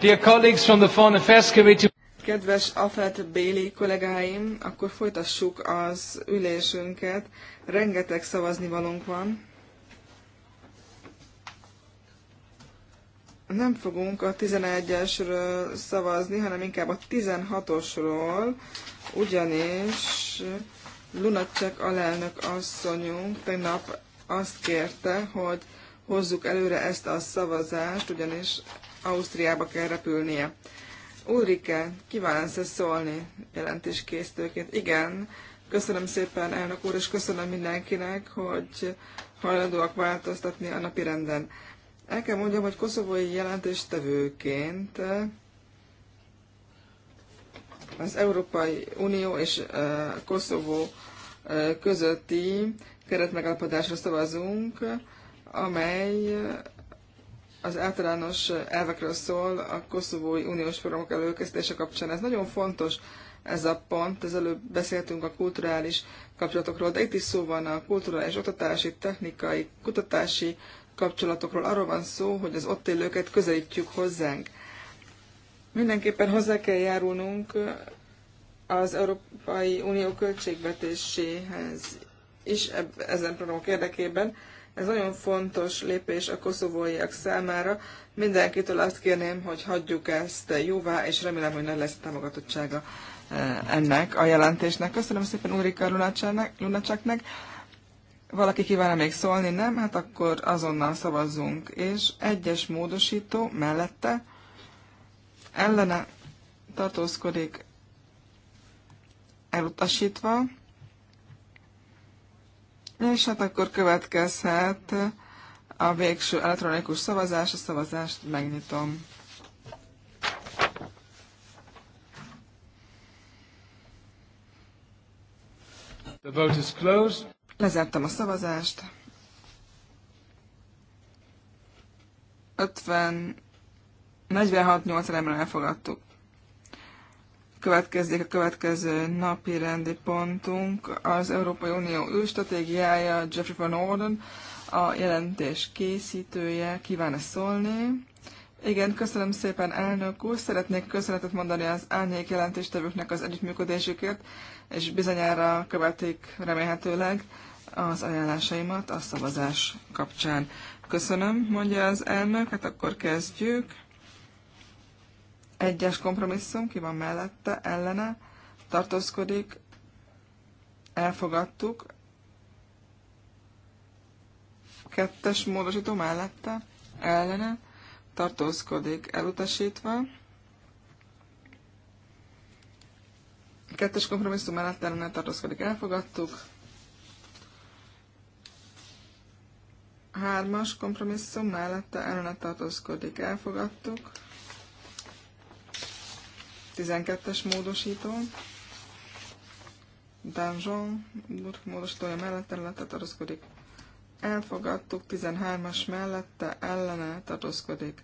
Dear colleagues from the Foreign Affairs Committee. Kedves Afet Béli kollégáim, akkor folytassuk az ülésünket. Rengeteg szavazni valónk van. Nem fogunk a 11-esről szavazni, hanem inkább a 16-osról, ugyanis Lunacek alelnök asszonyunk tegnap azt kérte, hogy hozzuk előre ezt a szavazást, ugyanis Ausztriába kell repülnie. Ulrike, kívánsz-e szólni jelentéskészítőként? Igen, köszönöm szépen elnök úr, és köszönöm mindenkinek, hogy hajlandóak változtatni a napi renden. El kell mondjam, hogy koszovói jelentéstevőként az Európai Unió és Koszovó közötti keretmegállapodásra szavazunk, amely az általános elvekről szól a koszovói uniós programok előkészítése kapcsán. Ez nagyon fontos ez a pont, ez előbb beszéltünk a kulturális kapcsolatokról, de itt is szó van a kulturális, oktatási, technikai, kutatási kapcsolatokról. Arról van szó, hogy az ott élőket közelítjük hozzánk. Mindenképpen hozzá kell járulnunk az Európai Unió költségvetéséhez is ezen programok érdekében, ez nagyon fontos lépés a koszovóiak számára. Mindenkitől azt kérném, hogy hagyjuk ezt jóvá, és remélem, hogy nagy lesz a támogatottsága eh, ennek a jelentésnek. Köszönöm szépen Ulrika Lunacseknek. Valaki kívánna még szólni, nem? Hát akkor azonnal szavazzunk. És egyes módosító mellette ellene tartózkodik elutasítva. És hát akkor következhet a végső elektronikus szavazás, a szavazást megnyitom. The vote is closed. Lezártam a szavazást. 50 46-8-ra elfogadtuk. Következzék a következő napi rendi pontunk, az Európai Unió űrstratégiája, Jeffrey van Orden, a jelentés készítője, kíván szólni. Igen, köszönöm szépen, elnök úr. Szeretnék köszönetet mondani az árnyék jelentéstevőknek az együttműködésüket, és bizonyára követik remélhetőleg az ajánlásaimat a szavazás kapcsán. Köszönöm, mondja az elnök, hát akkor kezdjük. Egyes kompromisszum, ki van mellette, ellene, tartózkodik, elfogadtuk. Kettes módosító mellette, ellene, tartózkodik, elutasítva. Kettes kompromisszum mellett ellene tartózkodik, elfogadtuk. Hármas kompromisszum mellette ellene tartózkodik, elfogadtuk. 12-es módosító. Dungeon módosítója mellette ellene tartózkodik. Elfogadtuk 13-as mellette ellene tartozkodik.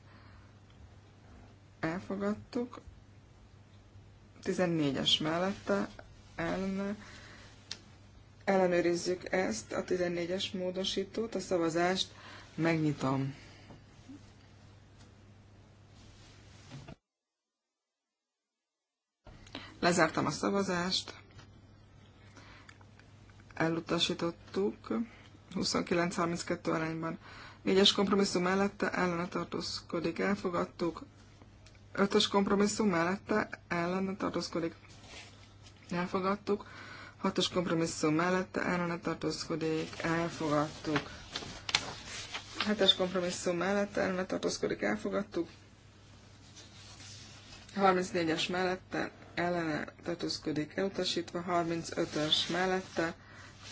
Elfogadtuk. 14-es mellette ellene ellenőrizzük ezt, a 14-es módosítót, a szavazást megnyitom. Lezártam a szavazást. Elutasítottuk. 29-32 arányban. 4-es kompromisszum mellette ellene tartózkodik. Elfogadtuk. 5-ös kompromisszum mellette ellene tartózkodik. Elfogadtuk. 6-os kompromisszum mellette ellene tartózkodik. Elfogadtuk. 7-es kompromisszum mellette ellene tartózkodik. Elfogadtuk. 34-es mellette ellene tartózkodik elutasítva, 35-ös mellette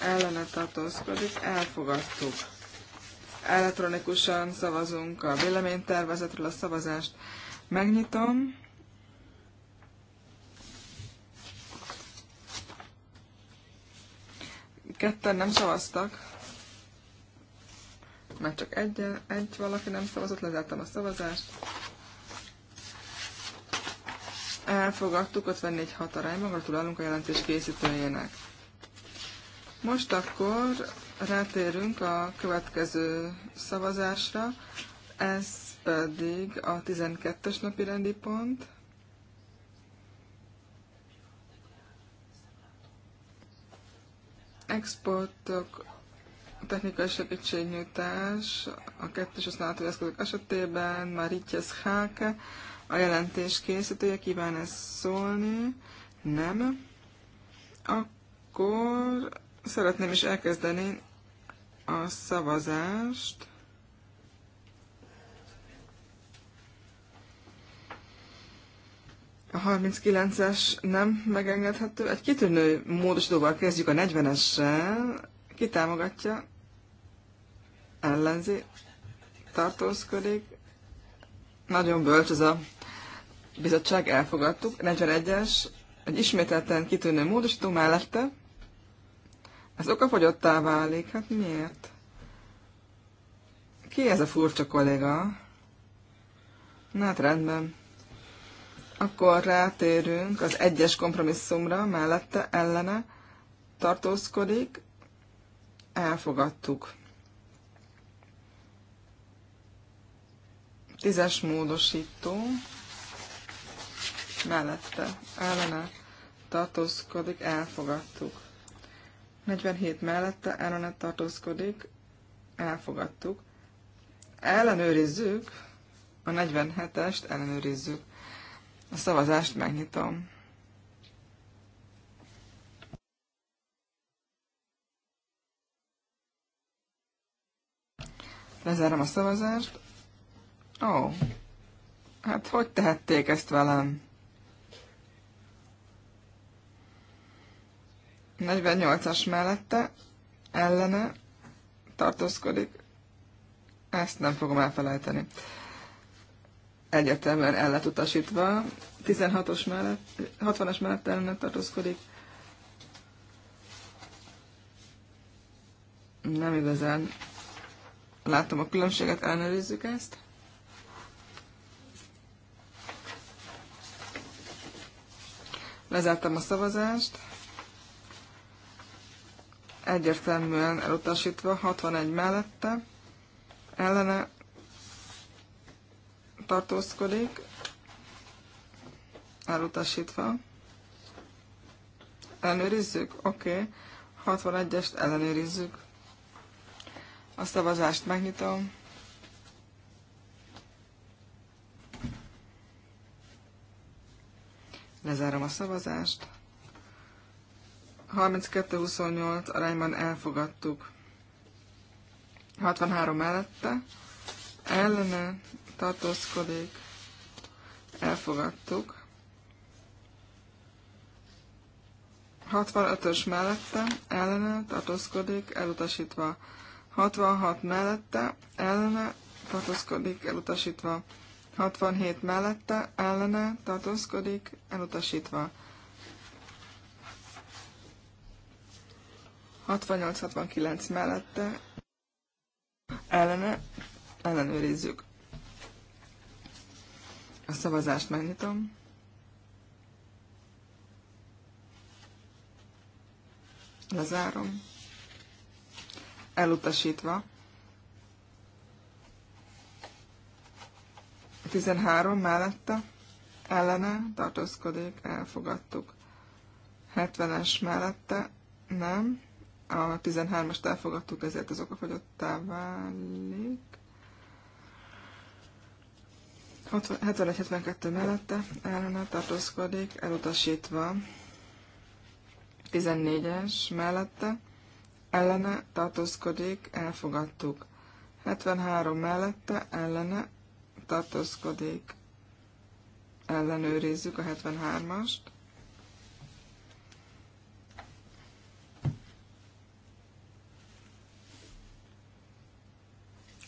ellene tartózkodik, elfogadtuk. Elektronikusan szavazunk a véleménytervezetről, a szavazást megnyitom. Ketten nem szavaztak, mert csak egy, egy valaki nem szavazott, lezártam a szavazást. Elfogadtuk 54-6 arányban, gratulálunk a jelentés készítőjének. Most akkor rátérünk a következő szavazásra, ez pedig a 12-es napi rendi pont. Exportok technikai segítségnyújtás a kettős használatú eszközök esetében, már Ritjes Háke, a jelentés készítője kíván ezt szólni? Nem. Akkor szeretném is elkezdeni a szavazást. A 39-es nem megengedhető. Egy kitűnő módosítóval kezdjük a 40-essel. Ki támogatja? Ellenzi? Tartózkodik? Nagyon bölcs ez a bizottság, elfogadtuk. 41-es, egy ismételten kitűnő módosító mellette. Ez okafogyottá válik, hát miért? Ki ez a furcsa kolléga? Na hát rendben. Akkor rátérünk az egyes kompromisszumra, mellette, ellene tartózkodik. Elfogadtuk. Tízes módosító mellette ellene tartózkodik, elfogadtuk. 47 mellette ellene tartózkodik, elfogadtuk. Ellenőrizzük, a 47-est ellenőrizzük. A szavazást megnyitom. Lezárom a szavazást. Ó, hát hogy tehették ezt velem? 48-as mellette, ellene tartózkodik. Ezt nem fogom elfelejteni. Egyértelműen el lett utasítva. 16-os mellett, 60-as mellett ellene tartózkodik. Nem igazán látom a különbséget, ellenőrizzük ezt. Lezártam a szavazást. Egyértelműen elutasítva, 61 mellette, ellene tartózkodik, elutasítva. Ellenőrizzük? Oké. Okay. 61-est ellenőrizzük. A szavazást megnyitom. Lezárom a szavazást. 32-28 arányban elfogadtuk. 63 mellette. Ellene tartózkodik. Elfogadtuk. 65-ös mellette, ellene tartózkodik, elutasítva. 66 mellette, ellene tartózkodik, elutasítva. 67 mellette ellene tartózkodik, elutasítva. 68-69 mellette ellene ellenőrizzük. A szavazást megnyitom. Lezárom. Elutasítva. 13 mellette ellene tartózkodik, elfogadtuk. 70-es mellette nem. A 13 est elfogadtuk, ezért az okafogyottá válik. 71-72 mellette ellene tartózkodik, elutasítva. 14-es mellette ellene tartózkodik, elfogadtuk. 73 mellette ellene tartózkodik, ellenőrizzük a 73-ast.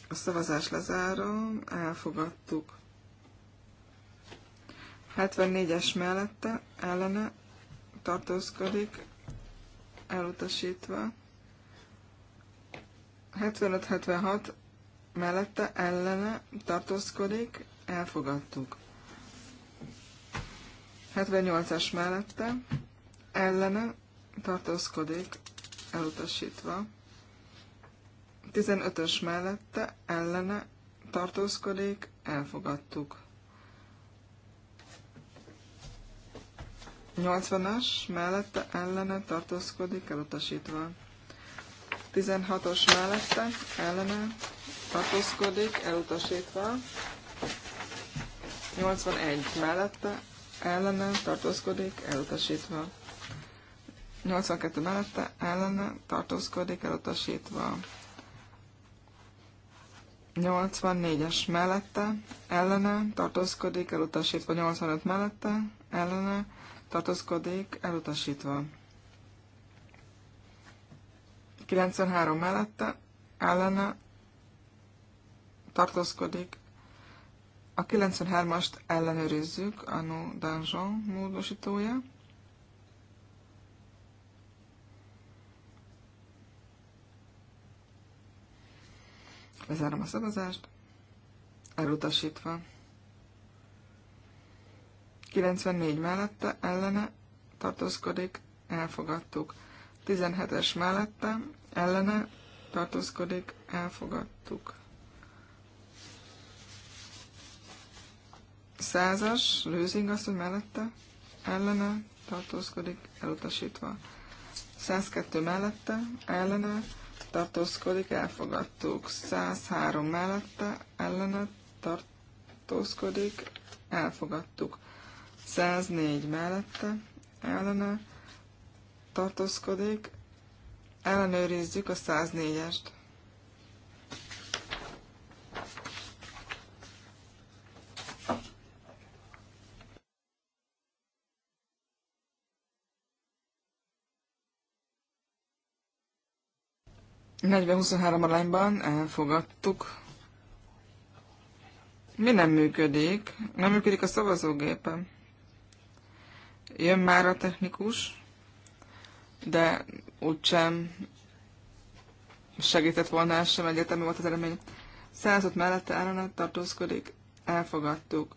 A szavazás lezárom, elfogadtuk. 74-es mellette ellene tartózkodik, elutasítva. 75-76 mellette ellene tartózkodik, elfogadtuk. 78-as mellette ellene tartózkodik, elutasítva. 15-ös mellette ellene tartózkodik, elfogadtuk. 80-as mellette ellene tartózkodik, elutasítva. 16-os mellette ellene tartózkodik, elutasítva. 81 mellette, ellene tartózkodik, elutasítva. 82 mellette, ellene tartózkodik, elutasítva. 84-es mellette, ellene tartózkodik, elutasítva. 85 mellette, ellene tartózkodik, elutasítva. 93 mellette, ellene tartózkodik. A 93-ast ellenőrizzük, a No Dungeon módosítója. Lezárom a szavazást. Elutasítva. 94 mellette ellene tartózkodik, elfogadtuk. 17-es mellette ellene tartózkodik, elfogadtuk. Százas, lőzing hogy mellette, ellene, tartózkodik, elutasítva. 102 mellette, ellene, tartózkodik, elfogadtuk. 103 mellette, ellene, tartózkodik, elfogadtuk. 104 mellette, ellene, tartózkodik, ellenőrizzük a 104-est. 40-23 arányban elfogadtuk. Mi nem működik? Nem működik a szavazógépem. Jön már a technikus, de úgysem segített volna, sem egyetemi volt az eredmény. 105 mellette ellenet tartózkodik, elfogadtuk.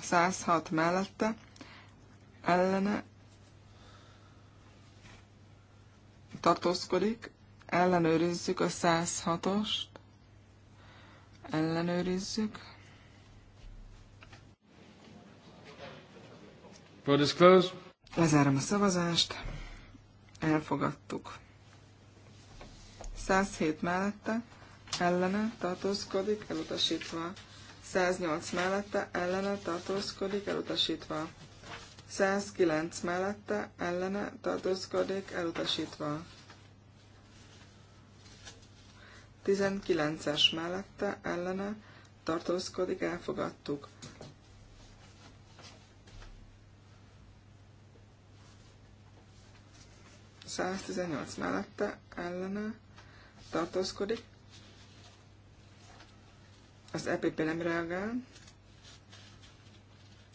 106 mellette ellene tartózkodik, ellenőrizzük a 106-ost, ellenőrizzük. Vote is closed. Lezárom a szavazást. Elfogadtuk. 107 mellette, ellene tartózkodik, elutasítva. 108 mellette, ellene tartózkodik, elutasítva. 109 mellette, ellene tartózkodik, elutasítva. 19-es mellette ellene tartózkodik, elfogadtuk. Száztizennyolc mellette ellene tartózkodik. Az EPP nem reagál.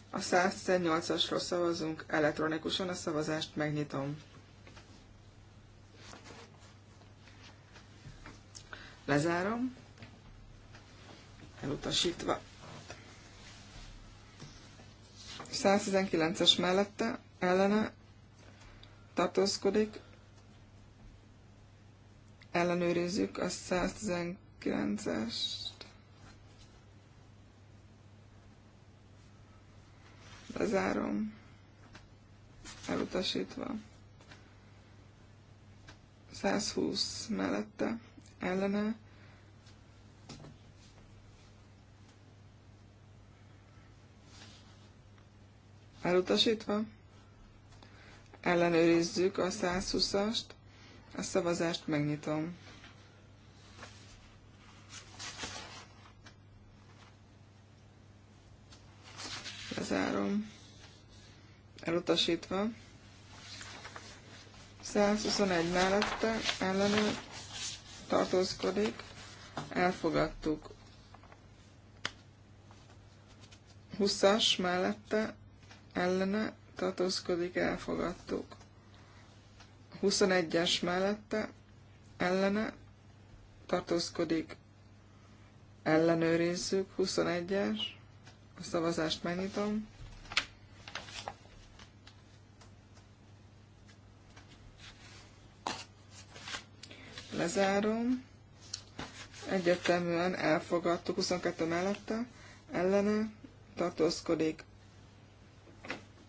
A 118-asról szavazunk elektronikusan, a szavazást megnyitom. Lezárom. Elutasítva. 119-es mellette ellene tartózkodik. Ellenőrizzük a 119 es Lezárom. Elutasítva. 120 mellette ellene. Elutasítva. Ellenőrizzük a 120-ast. A szavazást megnyitom. Lezárom. Elutasítva. 121 mellette ellenőr tartózkodik, elfogadtuk. 20-as mellette ellene tartózkodik, elfogadtuk. 21-es mellette ellene tartózkodik, ellenőrizzük. 21-es, a szavazást megnyitom. Lezárom. Egyeteműen elfogadtuk 22 mellette, ellene tartózkodik.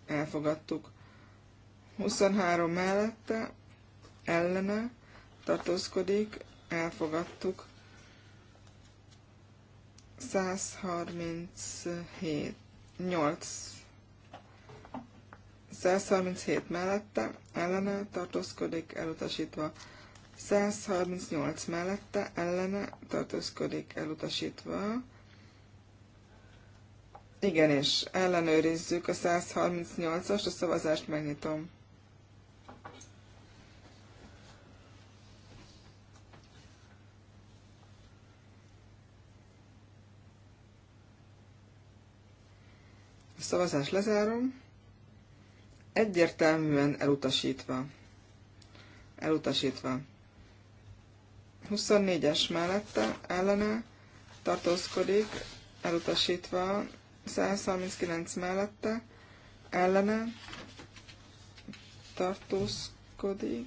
Elfogadtuk. 23 mellette, ellene tartózkodik, elfogadtuk. 137, 8 137 mellette ellene tartózkodik elutasítva 138 mellette ellene tartózkodik elutasítva. Igen, és ellenőrizzük a 138-as, a szavazást megnyitom. A szavazást lezárom. Egyértelműen elutasítva. Elutasítva. 24-es mellette ellene tartózkodik, elutasítva 139 mellette ellene tartózkodik.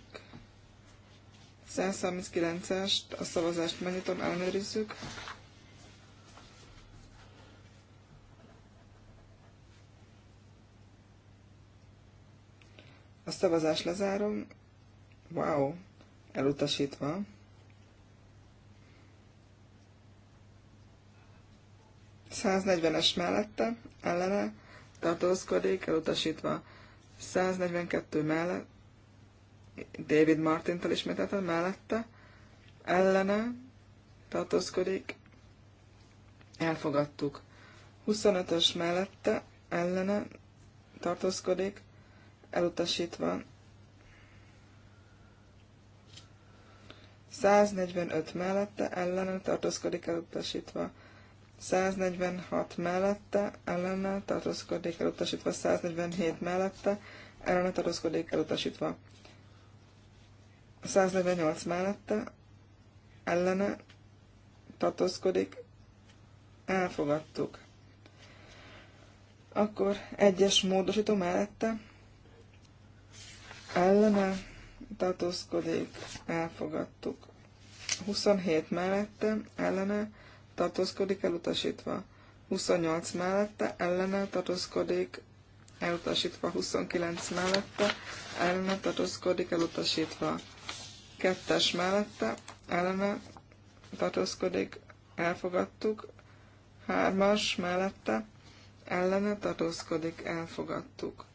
139-est, a szavazást megnyitom, ellenőrizzük. A szavazást lezárom. Wow, elutasítva. 140-es mellette, ellene tartózkodik, elutasítva. 142 mellett, David Martintal ismételte mellette, ellene tartózkodik, elfogadtuk. 25-ös mellette, ellene tartózkodik, elutasítva. 145 mellette, ellene tartózkodik, elutasítva. 146 mellette, ellene tartózkodik elutasítva, 147 mellette, ellene tartózkodik elutasítva. 148 mellette, ellene tartózkodik, elfogadtuk. Akkor egyes módosító mellette, ellene tartózkodik, elfogadtuk. 27 mellette, ellene tartózkodik, elutasítva. 28 mellette, ellene tartózkodik, elutasítva. 29 mellette, ellene tartózkodik, elutasítva. Kettes mellette, ellene tartózkodik, elfogadtuk. 3-as mellette, ellene tartózkodik, elfogadtuk.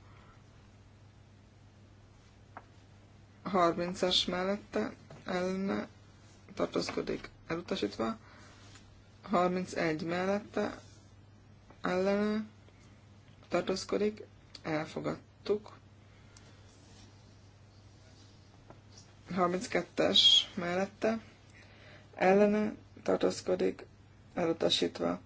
30-as mellette, ellene tartózkodik, elutasítva. 31 mellette ellene tartózkodik, elfogadtuk. 32-es mellette ellene tartózkodik, elutasítva.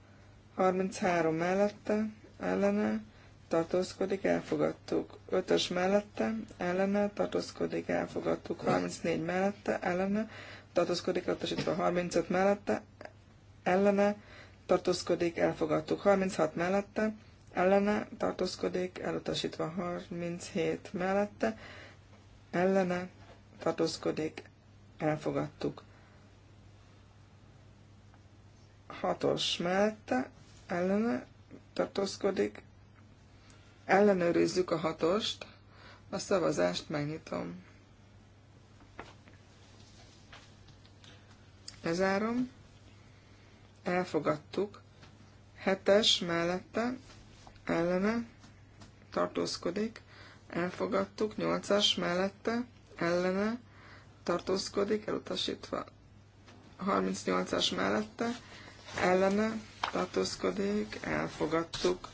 33 mellette ellene tartózkodik, elfogadtuk. 5-ös mellette ellene tartózkodik, elfogadtuk. 34 mellette ellene tartózkodik, elutasítva. 35 mellette ellene tartózkodik, elfogadtuk. 36 mellette, ellene tartózkodik, elutasítva. 37 mellette, ellene tartózkodik, elfogadtuk. 6-os mellette, ellene tartózkodik, ellenőrizzük a hatost, a szavazást megnyitom. Lezárom elfogadtuk. Hetes mellette ellene tartózkodik, elfogadtuk. Nyolcas mellette ellene tartózkodik, elutasítva. 38-as mellette ellene tartózkodik, elfogadtuk.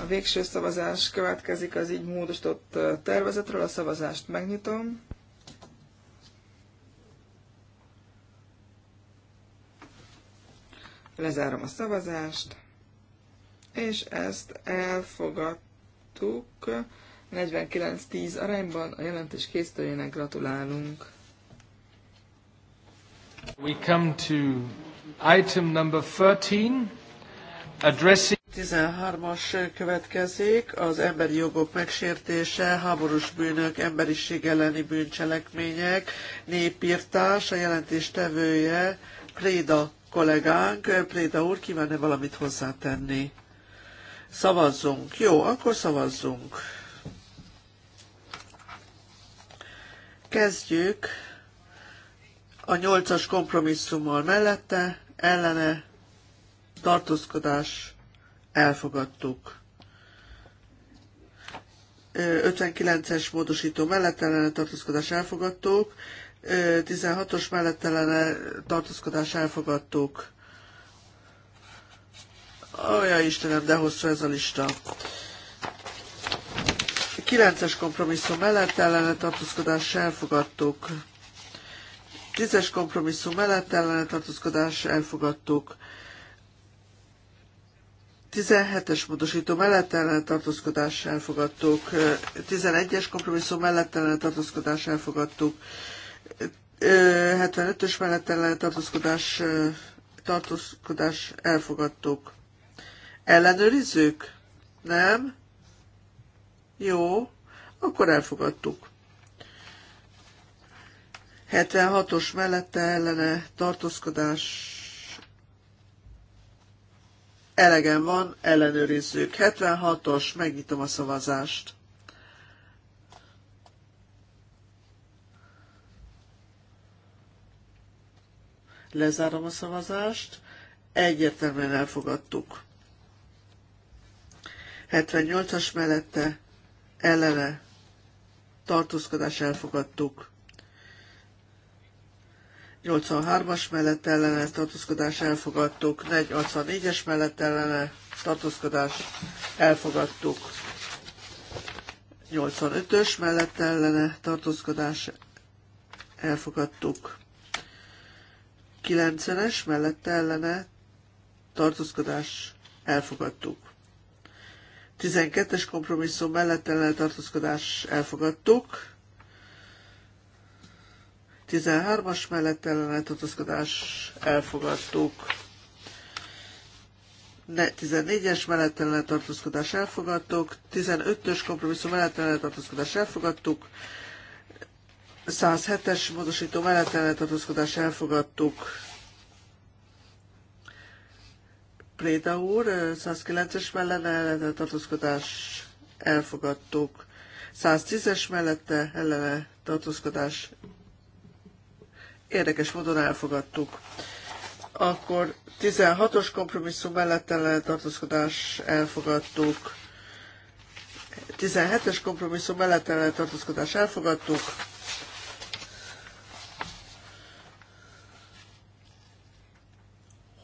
A végső szavazás következik az így módosított tervezetről, a szavazást megnyitom. Lezárom a szavazást, és ezt elfogadtuk 49-10 arányban. A jelentés készítőjének gratulálunk. We come to item number 13, addressing 13-as következik, az emberi jogok megsértése, háborús bűnök, emberiség elleni bűncselekmények, népírtás, a jelentés tevője, Préda kollégánk, Préda úr, kívánne valamit hozzátenni? Szavazzunk. Jó, akkor szavazzunk. Kezdjük a nyolcas kompromisszummal mellette, ellene, tartózkodás, elfogadtuk. 59-es módosító mellett ellene tartózkodás elfogadtuk, 16-os mellettelene tartózkodás elfogadtuk. Aja Istenem, de hosszú ez a lista. 9-es kompromisszum mellett ellene tartózkodás elfogadtuk. 10-es kompromisszum mellett ellene tartózkodás elfogadtuk. 17-es módosító mellett ellen tartózkodás elfogadtuk, 11-es kompromisszum mellett ellen tartózkodás elfogadtuk, 75-ös mellett ellen tartózkodás, tartózkodás elfogadtuk. Ellenőrizzük? Nem? Jó, akkor elfogadtuk. 76-os mellette ellene tartózkodás elegen van, ellenőrizzük. 76-os, megnyitom a szavazást. Lezárom a szavazást. Egyértelműen elfogadtuk. 78-as mellette ellene tartózkodás elfogadtuk. 83-as mellett ellene tartózkodás elfogadtuk, 84-es mellett ellene tartózkodás elfogadtuk, 85-ös mellett ellene tartózkodás elfogadtuk, 90-es mellette ellene tartózkodás elfogadtuk. 12-es kompromisszum mellett ellene tartózkodás elfogadtuk. 13-as mellett ellene tartózkodás elfogadtuk. 14-es mellett ellene tartózkodás elfogadtuk. 15-ös kompromisszum mellett ellene tartózkodás elfogadtuk. 107-es módosító mellett ellentartózkodás elfogadtuk. Préda úr, 109-es mellett ellentartózkodás elfogadtuk. 110-es mellette ellene tartózkodás érdekes módon elfogadtuk. Akkor 16-os kompromisszum mellett ellene tartózkodás elfogadtuk. 17-es kompromisszum mellett ellene tartózkodás elfogadtuk.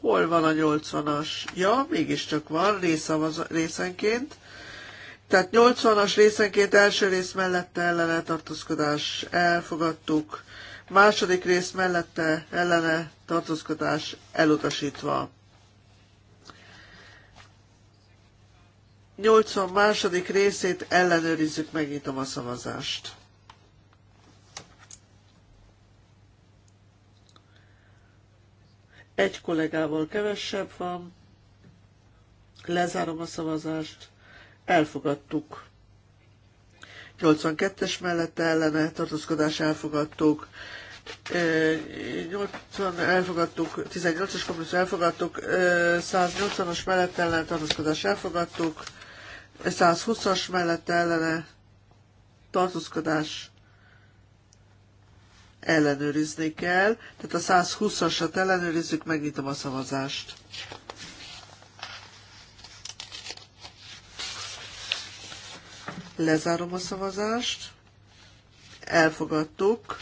Hol van a 80-as? Ja, mégiscsak van, részavaz, részenként. Tehát 80-as részenként első rész mellette ellene tartózkodás elfogadtuk, második rész mellette ellene tartózkodás elutasítva. 80 második részét ellenőrizzük, megnyitom a szavazást. Egy kollégával kevesebb van. Lezárom a szavazást. Elfogadtuk. 82-es mellette ellene tartózkodás elfogadtuk. 80 elfogadtuk, 18-as kompromisszum elfogadtuk, 180-as mellett ellen tartózkodás elfogadtuk, 120-as mellett ellene tartózkodás ellenőrizni kell. Tehát a 120-asat ellenőrizzük, megnyitom a szavazást. Lezárom a szavazást. Elfogadtuk.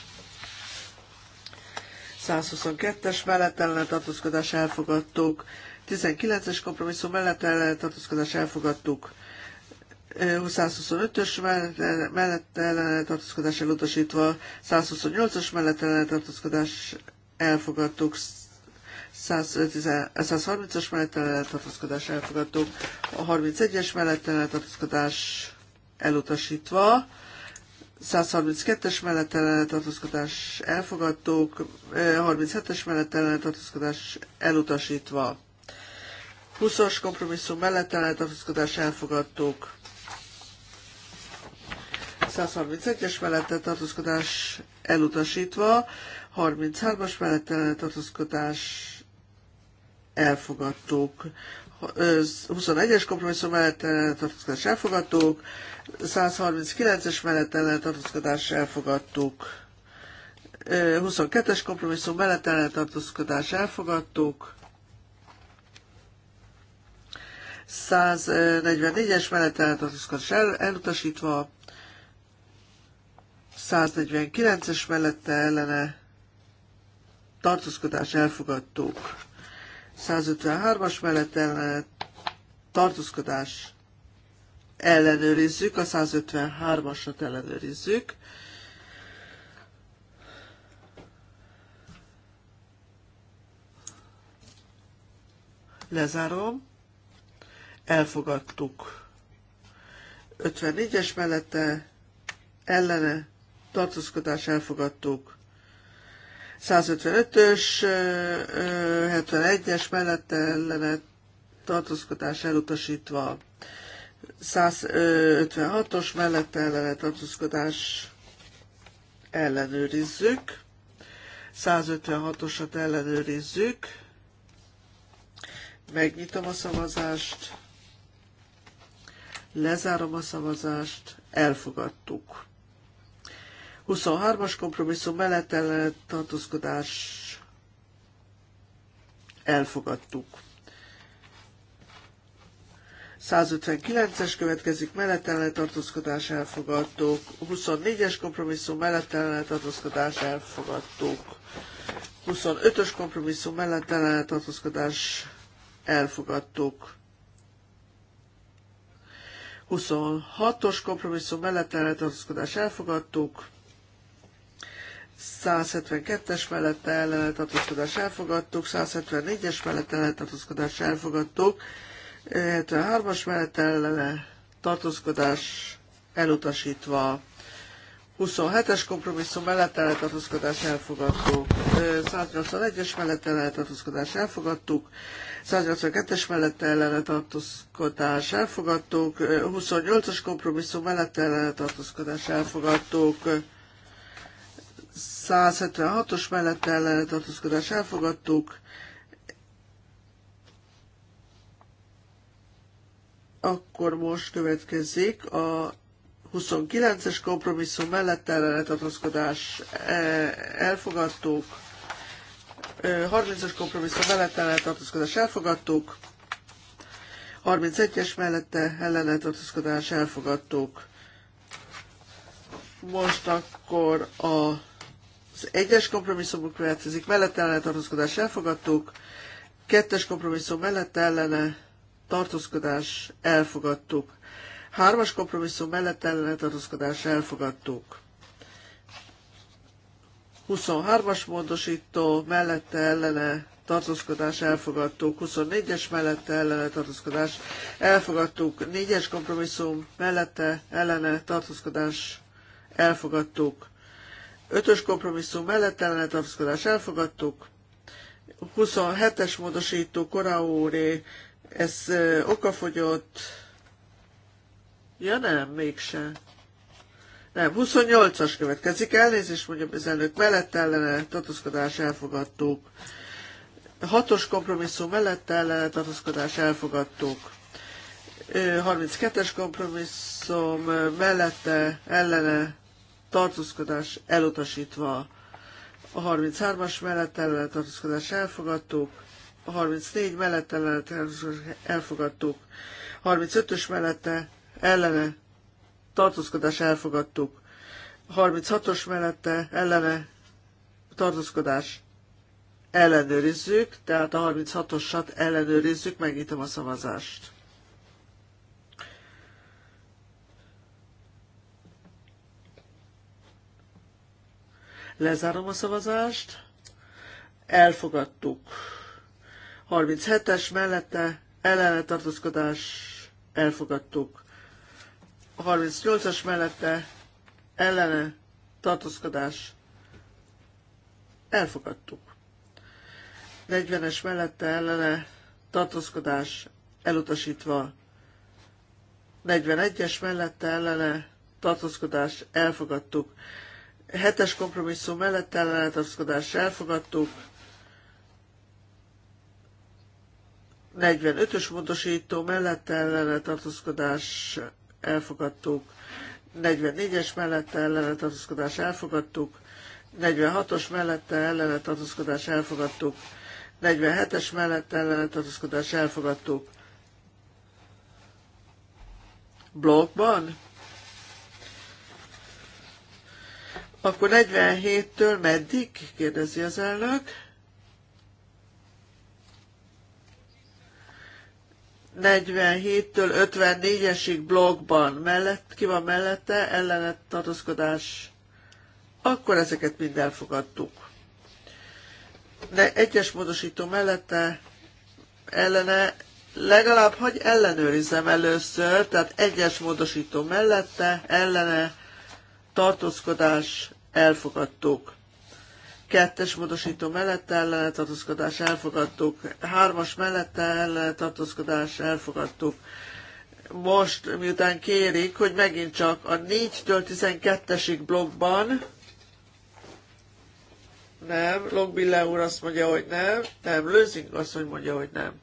122-es mellett ellentartózkodás elfogadtuk. 19-es kompromisszum mellett ellentartózkodás elfogadtuk. 125-ös mellett ellenetartózkodás elutasítva, 128-os mellett ellenetartózkodás elfogadtuk, 130-as mellett ellenetartózkodás elfogadtuk, a 31-es mellett ellenetartózkodás elutasítva, 132-es mellett ellenetartózkodás elfogadtuk, 37-es mellett ellenetartózkodás elutasítva. 20-as kompromisszum mellett ellenetartózkodás elfogadtuk. 131-es mellette tartózkodás elutasítva, 33-as mellette tartózkodás elfogadtuk. 21-es kompromisszum mellett tartózkodás elfogadtuk, 139-es mellett tartózkodás elfogadtuk, 22-es kompromisszum mellett tartózkodás elfogadtuk, 144-es mellett tartózkodás el, elutasítva, 149-es mellette ellene tartózkodás elfogadtuk. 153-as mellette ellene tartózkodás ellenőrizzük, a 153-asat ellenőrizzük. Lezárom. Elfogadtuk. 54-es mellette ellene tartózkodás elfogadtuk. 155-ös, 71-es mellette ellene tartózkodás elutasítva. 156-os mellette ellene tartózkodás ellenőrizzük. 156-osat ellenőrizzük. Megnyitom a szavazást. Lezárom a szavazást. Elfogadtuk. 23-as kompromisszum mellett tartózkodás elfogadtuk. 159-es következik, mellettelen tartózkodás elfogadtuk. 24-es kompromisszum, mellettelen tartózkodás elfogadtuk. 25-ös kompromisszum, mellettelen tartózkodás elfogadtuk. 26-os kompromisszum, mellettelen tartózkodás elfogadtuk. 172-es mellette ellene tartózkodás elfogadtuk, 174-es mellette ellene tartózkodás elfogadtuk, 73-as mellette ellene tartózkodás elutasítva. 27-es kompromisszum mellett elletartózkodás elfogadtuk, 181-es mellett elletartózkodás elfogadtuk, 182-es mellett elletartózkodás elfogadtuk, 28-as kompromisszum mellett elletartózkodás elfogadtuk, 176-os mellette ellene elfogadtuk. Akkor most következik a 29-es kompromisszum mellett ellenetartózkodás e, elfogadtuk. 30-as e, kompromisszum mellett ellenetartózkodás elfogadtuk. 31-es mellette ellenetartózkodás elfogadtuk. Most akkor a az egyes kompromisszumok következik, mellette ellene tartózkodás elfogadtuk, kettes kompromisszum mellette ellene tartózkodás elfogadtuk, hármas kompromisszum mellette ellene tartózkodás elfogadtuk. 23-as módosító mellette ellene tartózkodás elfogadtuk, 24-es mellette ellene tartózkodás elfogadtuk, 4-es kompromisszum mellette ellene tartózkodás elfogadtuk, Ötös kompromisszum mellett ellene tartózkodás elfogadtuk. 27-es módosító koraóré, ez ö, okafogyott. Ja nem, mégse. Nem, 28-as következik, elnézést mondjam az elnök, mellett ellene tartózkodás elfogadtuk. 6-os kompromisszum mellett ellene tartózkodás elfogadtuk. 32-es kompromisszum mellette ellene tartózkodás elutasítva. A 33-as mellett ellene tartózkodás elfogadtuk, a 34 mellett ellene tartózkodás elfogadtuk, 35-ös mellette ellene tartózkodás elfogadtuk, a 36-os mellette ellene tartózkodás ellenőrizzük, tehát a 36-osat ellenőrizzük, megnyitom a szavazást. Lezárom a szavazást. Elfogadtuk. 37-es mellette ellene tartózkodás. Elfogadtuk. 38-as mellette ellene tartózkodás. Elfogadtuk. 40-es mellette ellene tartózkodás elutasítva. 41-es mellette ellene tartózkodás elfogadtuk. Hetes kompromisszum mellett ellenetartózkodás elfogadtuk. 45-ös módosító mellett ellenetartózkodás elfogadtuk. 44-es mellett ellenetartózkodás elfogadtuk. 46-os mellette ellenetartózkodás elfogadtuk. 47-es mellett ellenetartózkodás elfogadtuk. Blokkban? Akkor 47-től meddig? kérdezi az elnök. 47-től 54-esig blogban mellett, ki van mellette, ellenet tartózkodás, akkor ezeket mind elfogadtuk. De egyes módosító mellette ellene, legalább hagy ellenőrizzem először, tehát egyes módosító mellette, ellene, tartózkodás, elfogadtuk. Kettes módosító mellette ellene tartózkodás elfogadtuk. Hármas mellette ellene tartózkodás elfogadtuk. Most, miután kérik, hogy megint csak a 4-től 12-esig blogban, nem, Longbille úr azt mondja, hogy nem, nem, Lőzing azt mondja, hogy nem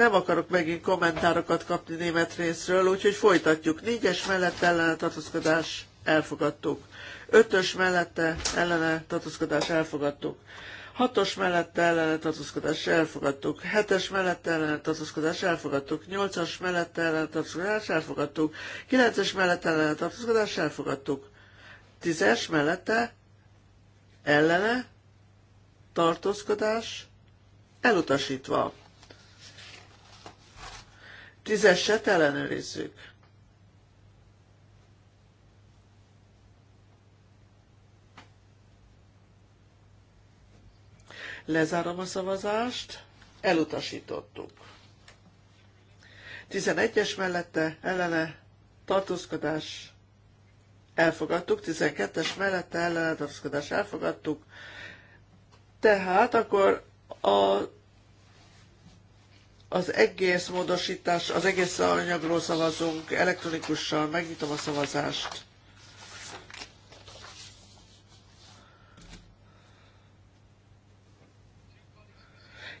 nem akarok megint kommentárokat kapni német részről, úgyhogy folytatjuk. Négyes mellett ellene tartózkodás elfogadtuk. Ötös mellette ellene tartózkodás elfogadtuk. Hatos mellette ellene tartózkodás elfogadtuk. Hetes mellette ellene tartózkodás elfogadtuk. Nyolcas mellette ellene tartózkodás elfogadtuk. Kilences mellette ellene tartózkodás elfogadtuk. Tízes mellette ellene tartózkodás elutasítva. Tízeset ellenőrizzük. Lezárom a szavazást. Elutasítottuk. 11-es mellette ellene tartózkodás elfogadtuk, 12-es mellette ellene tartózkodás elfogadtuk. Tehát akkor a az egész módosítás, az egész anyagról szavazunk elektronikussal. Megnyitom a szavazást.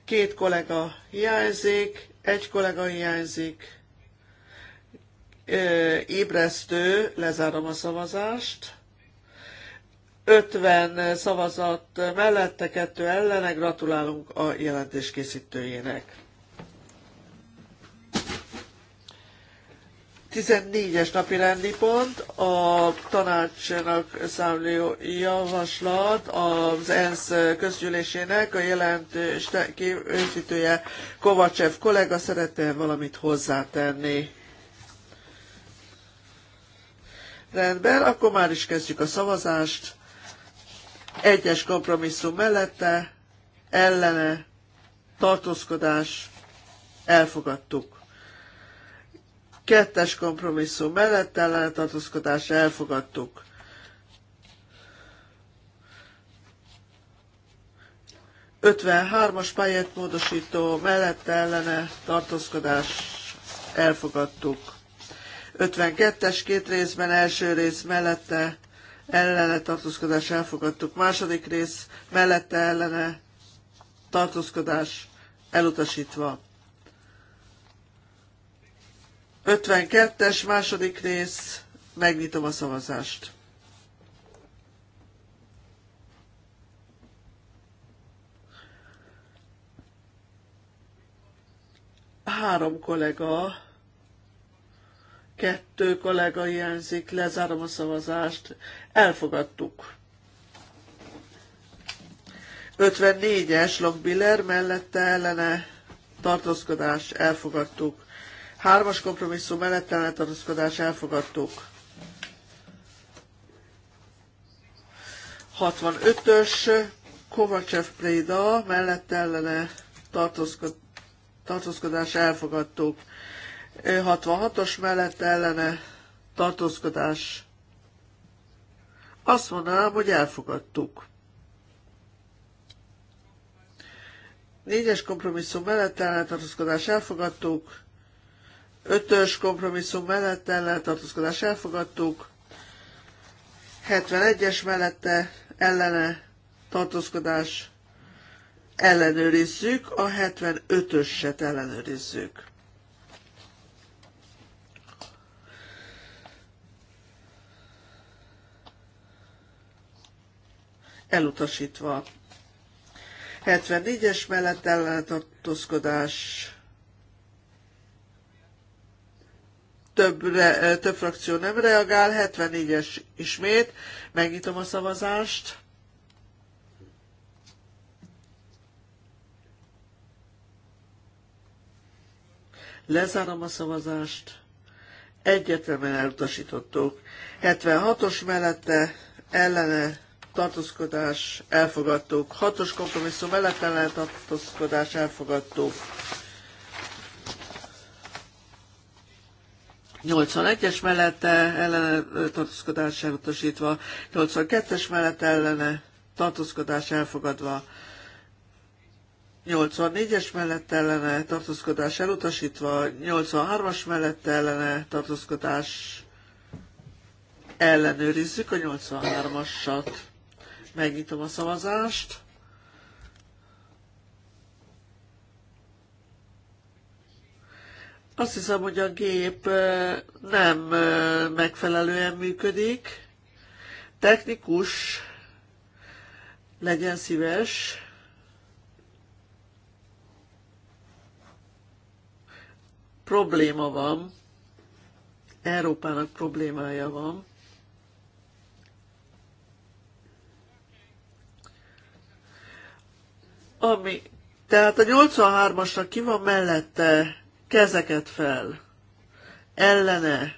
Két kollega hiányzik, egy kollega hiányzik. Ébresztő, lezárom a szavazást. 50 szavazat mellette, kettő ellene, gratulálunk a jelentés készítőjének. 14-es napi rendi pont, a tanácsának számló javaslat az ENSZ közgyűlésének a jelentős képviselője Kovacsev kollega szeretne valamit hozzátenni. Rendben, akkor már is kezdjük a szavazást. Egyes kompromisszum mellette, ellene, tartózkodás, elfogadtuk. Kettes kompromisszum mellett ellene tartózkodás elfogadtuk. Ötvenhármas pályát módosító mellett ellene tartózkodás elfogadtuk. 52-es két részben első rész mellette ellene tartózkodás elfogadtuk. Második rész mellette ellene tartózkodás elutasítva. 52-es második rész, megnyitom a szavazást. Három kollega, kettő kollega hiányzik, lezárom a szavazást, elfogadtuk. 54-es Lockbiller mellette ellene tartózkodás elfogadtuk. Hármas kompromisszum mellett ellentartózkodás elfogadtuk. 65-ös Kovacsev Préda mellett ellene tartózkodás elfogadtuk. 66-os mellett ellene tartózkodás. Azt mondanám, hogy elfogadtuk. Négyes kompromisszum mellett tartózkodás elfogadtuk. Ötös kompromisszum mellett ellen elfogadtuk. 71-es mellette ellene tartózkodás ellenőrizzük, a 75-öset ellenőrizzük. Elutasítva. 74-es mellett ellentartózkodás re, több frakció nem reagál, 74-es ismét, megnyitom a szavazást. Lezárom a szavazást. Egyetemen elutasítottuk. 76-os mellette ellene tartózkodás elfogadtuk. 6-os kompromisszum mellett ellene tartózkodás elfogadtuk. 81-es mellette ellene tartózkodás elutasítva, 82-es mellette ellene tartózkodás elfogadva, 84-es mellett ellene tartózkodás elutasítva, 83-as mellett ellene tartózkodás ellenőrizzük a 83-asat. Megnyitom a szavazást. Azt hiszem, hogy a gép nem megfelelően működik. Technikus, legyen szíves. Probléma van. Európának problémája van. Ami, tehát a 83-asnak ki van mellette kezeket fel, ellene.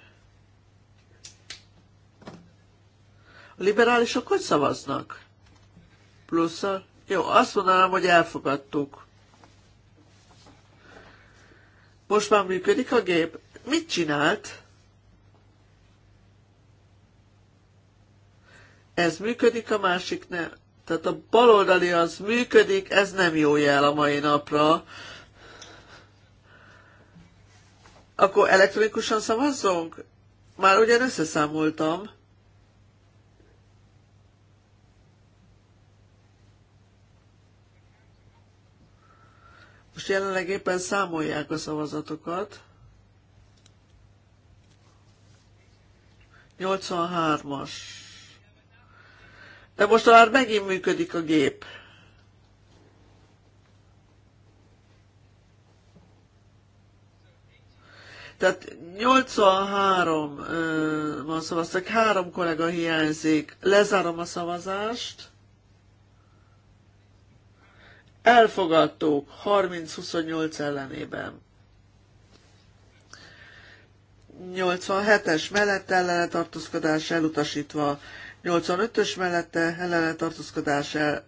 A liberálisok hogy szavaznak? Plusza? Jó, azt mondanám, hogy elfogadtuk. Most már működik a gép. Mit csinált? Ez működik, a másik nem. Tehát a baloldali az működik, ez nem jó jel a mai napra. Akkor elektronikusan szavazzunk? Már ugyan összeszámoltam. Most jelenleg éppen számolják a szavazatokat. 83-as. De most már megint működik a gép. Tehát 83 uh, van szavaztak, három kollega hiányzik. Lezárom a szavazást. Elfogadtuk 30-28 ellenében. 87-es mellette ellene tartózkodás elutasítva, 85-ös mellette ellene tartózkodás el...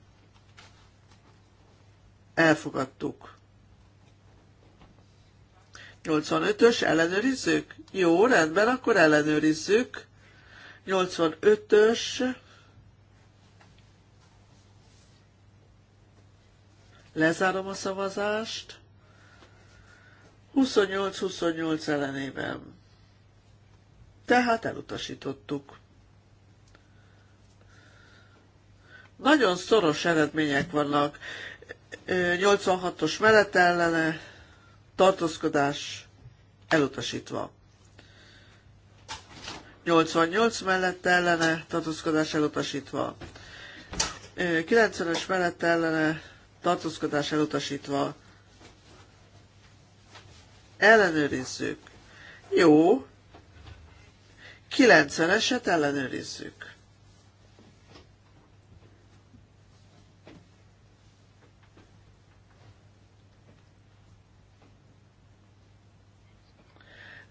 elfogadtuk. 85-ös ellenőrizzük? Jó, rendben, akkor ellenőrizzük. 85-ös. Lezárom a szavazást. 28-28 ellenében. Tehát elutasítottuk. Nagyon szoros eredmények vannak. 86-os mellett ellene, tartózkodás elutasítva. 88 mellette ellene tartózkodás elutasítva. 90-es mellette ellene tartózkodás elutasítva. Ellenőrizzük. Jó. 90-eset ellenőrizzük.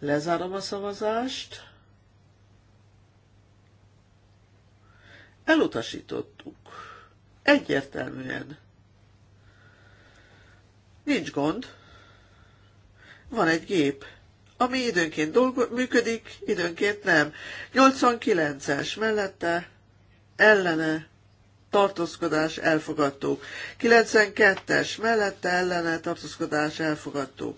Lezárom a szavazást. Elutasítottuk. Egyértelműen. Nincs gond. Van egy gép, ami időnként dolgo- működik, időnként nem. 89-es mellette, ellene, tartózkodás, elfogadtuk. 92-es mellette, ellene, tartózkodás, elfogadtuk.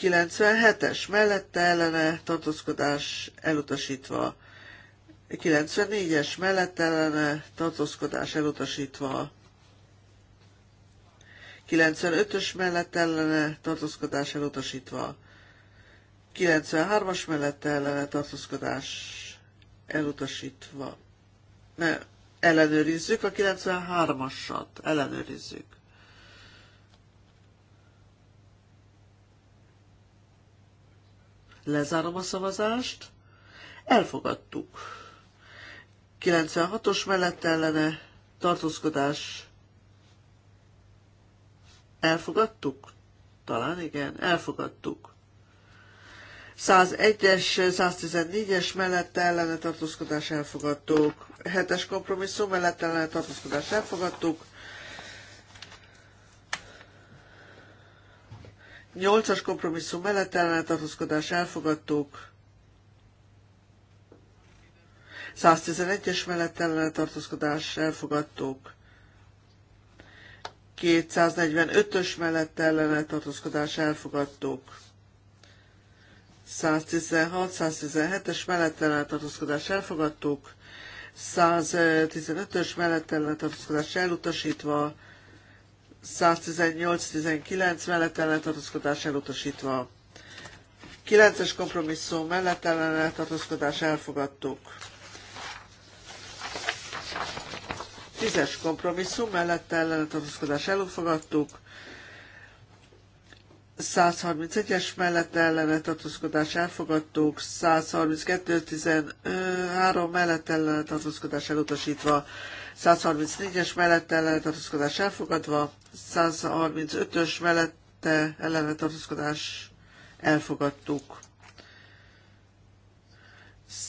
97-es mellette ellene tartózkodás elutasítva. 94-es mellette ellene tartózkodás elutasítva. 95-ös mellett ellene tartózkodás elutasítva. 93-as mellett ellene tartózkodás elutasítva. Ne, ellenőrizzük a 93-asat, ellenőrizzük. Lezárom a szavazást. Elfogadtuk. 96-os mellett ellene tartózkodás. Elfogadtuk? Talán igen, elfogadtuk. 101-es, 114-es mellett ellene tartózkodás elfogadtuk. 7-es kompromisszum mellett ellene tartózkodás elfogadtuk. Nyolcas kompromisszum mellett ellenetartózkodás elfogadtuk. 111-es mellett ellenetartózkodás elfogadtuk. 245-ös mellett ellenetartózkodás elfogadtuk. 116-117-es mellett ellenetartózkodás elfogadtuk. 115-ös mellett ellenetartózkodás elutasítva. 118-19 mellett ellentartózkodás elutasítva. 9-es kompromisszum mellett ellentartózkodás elfogadtuk. 10-es kompromisszum mellett ellentartózkodás elfogadtuk. 131-es mellett ellene tartózkodás elfogadtuk, 132-13 mellett ellene tartózkodás elutasítva, 134-es mellette ellene tartózkodás elfogadva, 135-ös mellette ellene tartózkodás elfogadtuk.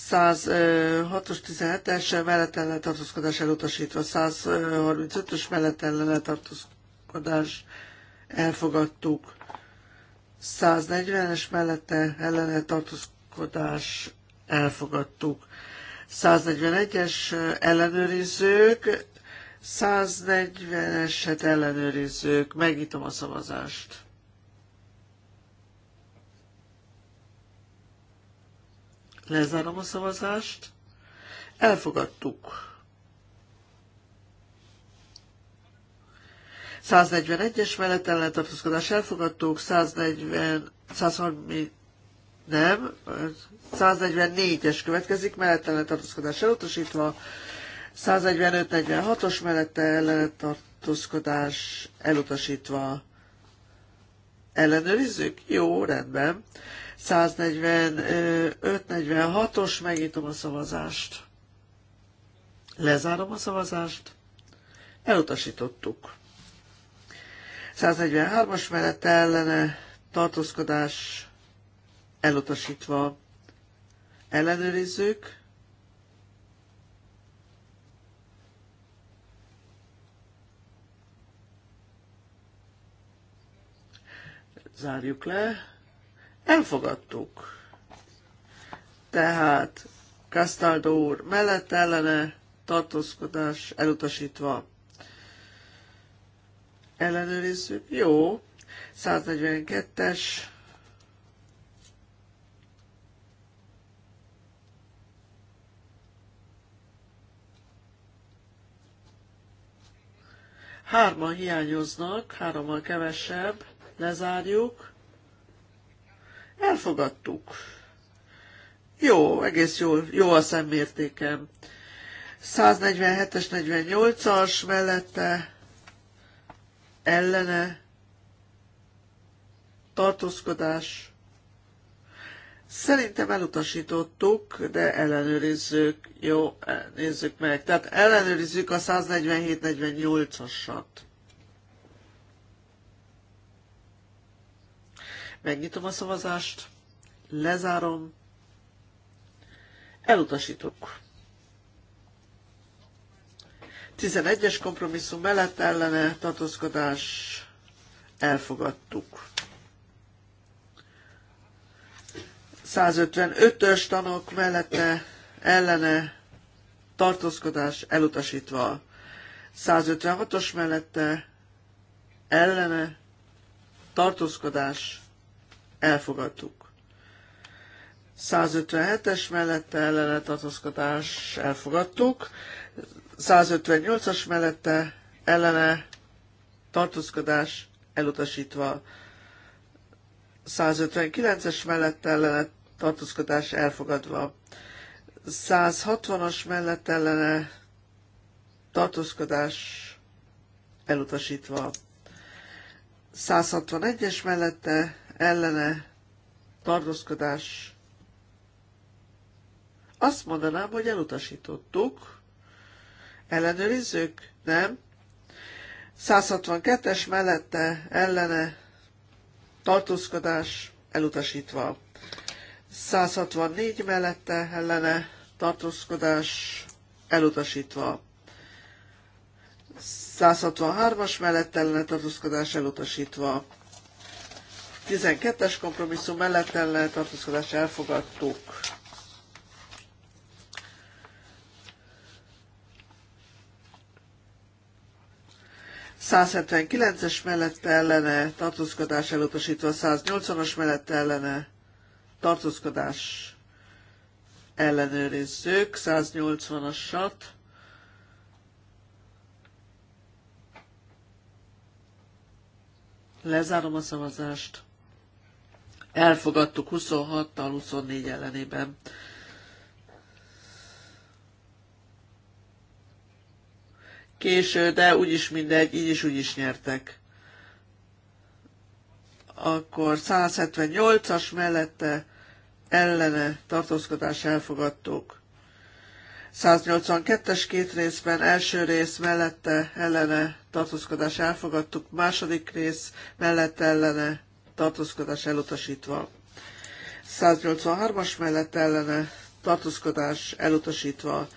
106-os, 17-es mellette ellene tartózkodás elutasítva, 135-ös mellette ellene tartózkodás elfogadtuk. 140-es mellette ellene tartózkodás elfogadtuk. 141-es ellenőrizők, 140-eset hát ellenőrizők megnyitom a szavazást. Lezárom a szavazást. Elfogadtuk. 141-es mellett ellentartózkodás elfogadtuk, 140, 130, nem, 144-es következik, mellette ellene tartózkodás elutasítva, 145-46-os mellette ellene tartózkodás elutasítva. Ellenőrizzük? Jó, rendben. 145-46-os, megnyitom a szavazást. Lezárom a szavazást. Elutasítottuk. 143-as mellette ellene tartózkodás elutasítva. Ellenőrizzük. Zárjuk le. Elfogadtuk. Tehát Castaldo úr mellett ellene tartózkodás elutasítva. Ellenőrizzük. Jó. 142-es Hárman hiányoznak, hárommal kevesebb, lezárjuk. Elfogadtuk. Jó, egész jó, jó a szemmértékem. 147-es, 48-as mellette, ellene, tartózkodás, Szerintem elutasítottuk, de ellenőrizzük. Jó, nézzük meg. Tehát ellenőrizzük a 147-48-asat. Megnyitom a szavazást, lezárom, elutasítok. 11-es kompromisszum mellett ellene tartózkodás elfogadtuk. 155-ös tanok mellette ellene tartózkodás elutasítva. 156-os mellette ellene tartózkodás elfogadtuk. 157-es mellette ellene tartózkodás elfogadtuk. 158-as mellette ellene tartózkodás elutasítva. 159-es mellette ellene tartózkodás elfogadva. 160-as mellett ellene tartózkodás elutasítva. 161-es mellette ellene tartózkodás. Azt mondanám, hogy elutasítottuk. Ellenőrizzük? Nem. 162-es mellette ellene tartózkodás elutasítva. 164 mellette ellene tartózkodás elutasítva. 163-as mellett ellene tartózkodás elutasítva. 12-es kompromisszum mellett ellene tartózkodás elfogadtuk. 179-es mellette ellene, tartózkodás elutasítva 180-as mellette ellene, tartózkodás ellenőrizzük, 180-asat. Lezárom a szavazást. Elfogadtuk 26-tal 24 ellenében. Késő, de úgyis mindegy, így is úgyis nyertek. Akkor 178-as mellette ellene tartózkodás elfogadtuk. 182-es két részben első rész mellette ellene tartózkodás elfogadtuk, második rész mellette ellene tartózkodás elutasítva. 183-as mellett ellene tartózkodás elutasítva.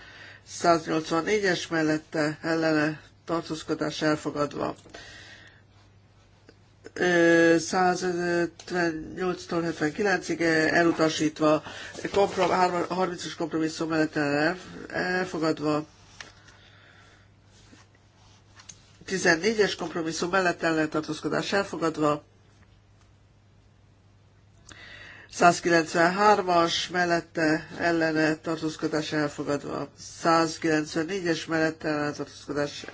184-es mellette ellene tartózkodás elfogadva. 158-tól 79-ig elutasítva, komprom, 30-as kompromisszum mellett elfogadva, 14-es kompromisszum mellett ellentartózkodás elfogadva, 193-as mellette ellene tartózkodás elfogadva, 194-es mellette ellene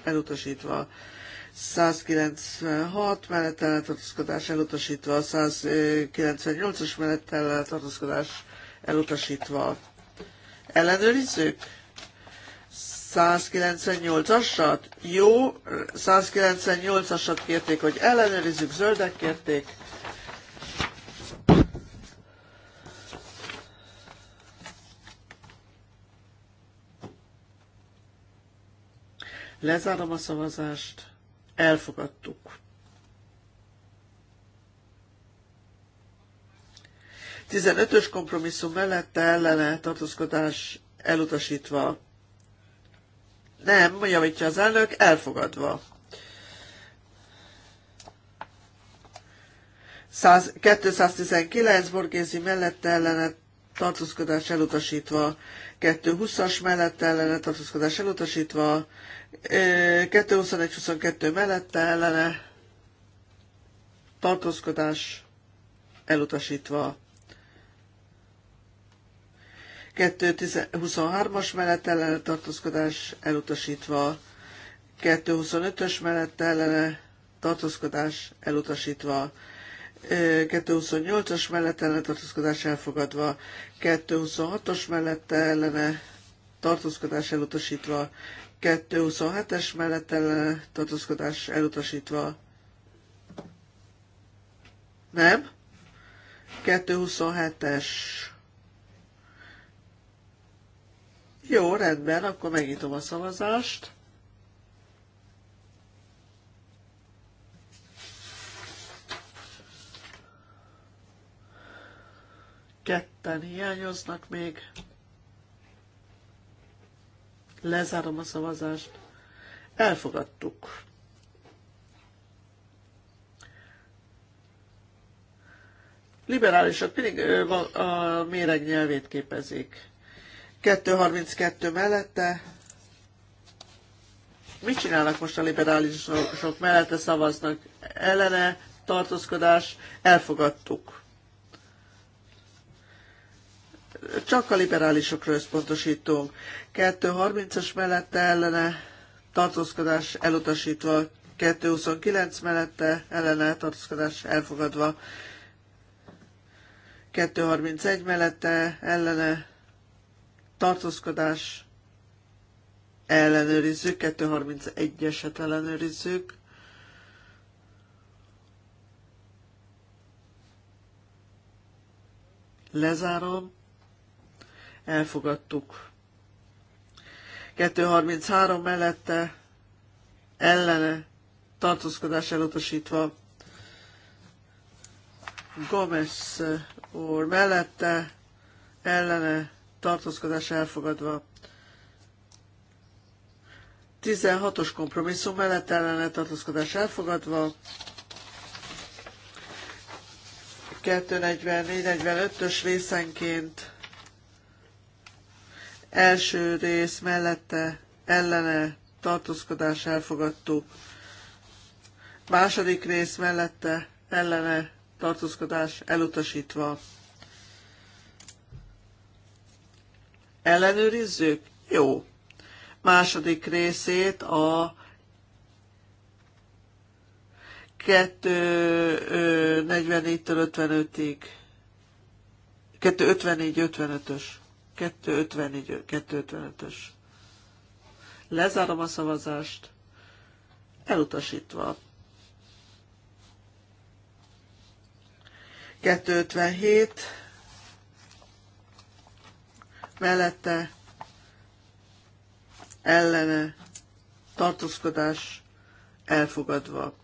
elutasítva, 196 menettel ellentartózkodás elutasítva, 198-as menettel ellentartózkodás elutasítva. Ellenőrizzük? 198-asat? Jó, 198-asat kérték, hogy ellenőrizzük, zöldek kérték. Lezárom a szavazást. Elfogadtuk. 15-ös kompromisszum mellette ellene tartózkodás elutasítva. Nem, javítja az elnök, elfogadva. 100, 219 Borgézi mellette ellene tartózkodás elutasítva, 220-as mellette ellene tartózkodás elutasítva, 221 mellette ellene tartózkodás elutasítva. 223-as mellett ellene tartózkodás elutasítva. 225-ös mellett ellene tartózkodás elutasítva. 228-as mellett ellene tartózkodás elfogadva, 226-os mellette ellene tartózkodás elutasítva, 227-es mellett ellene tartózkodás elutasítva. Nem? 227-es. Jó, rendben, akkor megnyitom a szavazást. Ketten hiányoznak még. Lezárom a szavazást. Elfogadtuk. Liberálisok pedig a méreg nyelvét képezik. 232 mellette. Mit csinálnak most a liberálisok? Mellette szavaznak ellene, tartózkodás, elfogadtuk csak a liberálisokra összpontosítunk. 2.30-as mellette ellene tartózkodás elutasítva, 2.29 mellette ellene tartózkodás elfogadva, 2.31 mellette ellene tartózkodás ellenőrizzük, 231-eset ellenőrizzük. Lezárom elfogadtuk. 233 mellette ellene tartózkodás elutasítva. Gomez úr mellette ellene tartózkodás elfogadva. 16-os kompromisszum mellett ellene tartózkodás elfogadva. 244-45-ös részenként Első rész mellette ellene tartózkodás elfogadtuk. Második rész mellette ellene tartózkodás elutasítva. Ellenőrizzük? Jó. Második részét a 244-től 55-ig. 254-55-ös. 254, 255-ös. Lezárom a szavazást. Elutasítva. 257 mellette ellene tartózkodás elfogadva.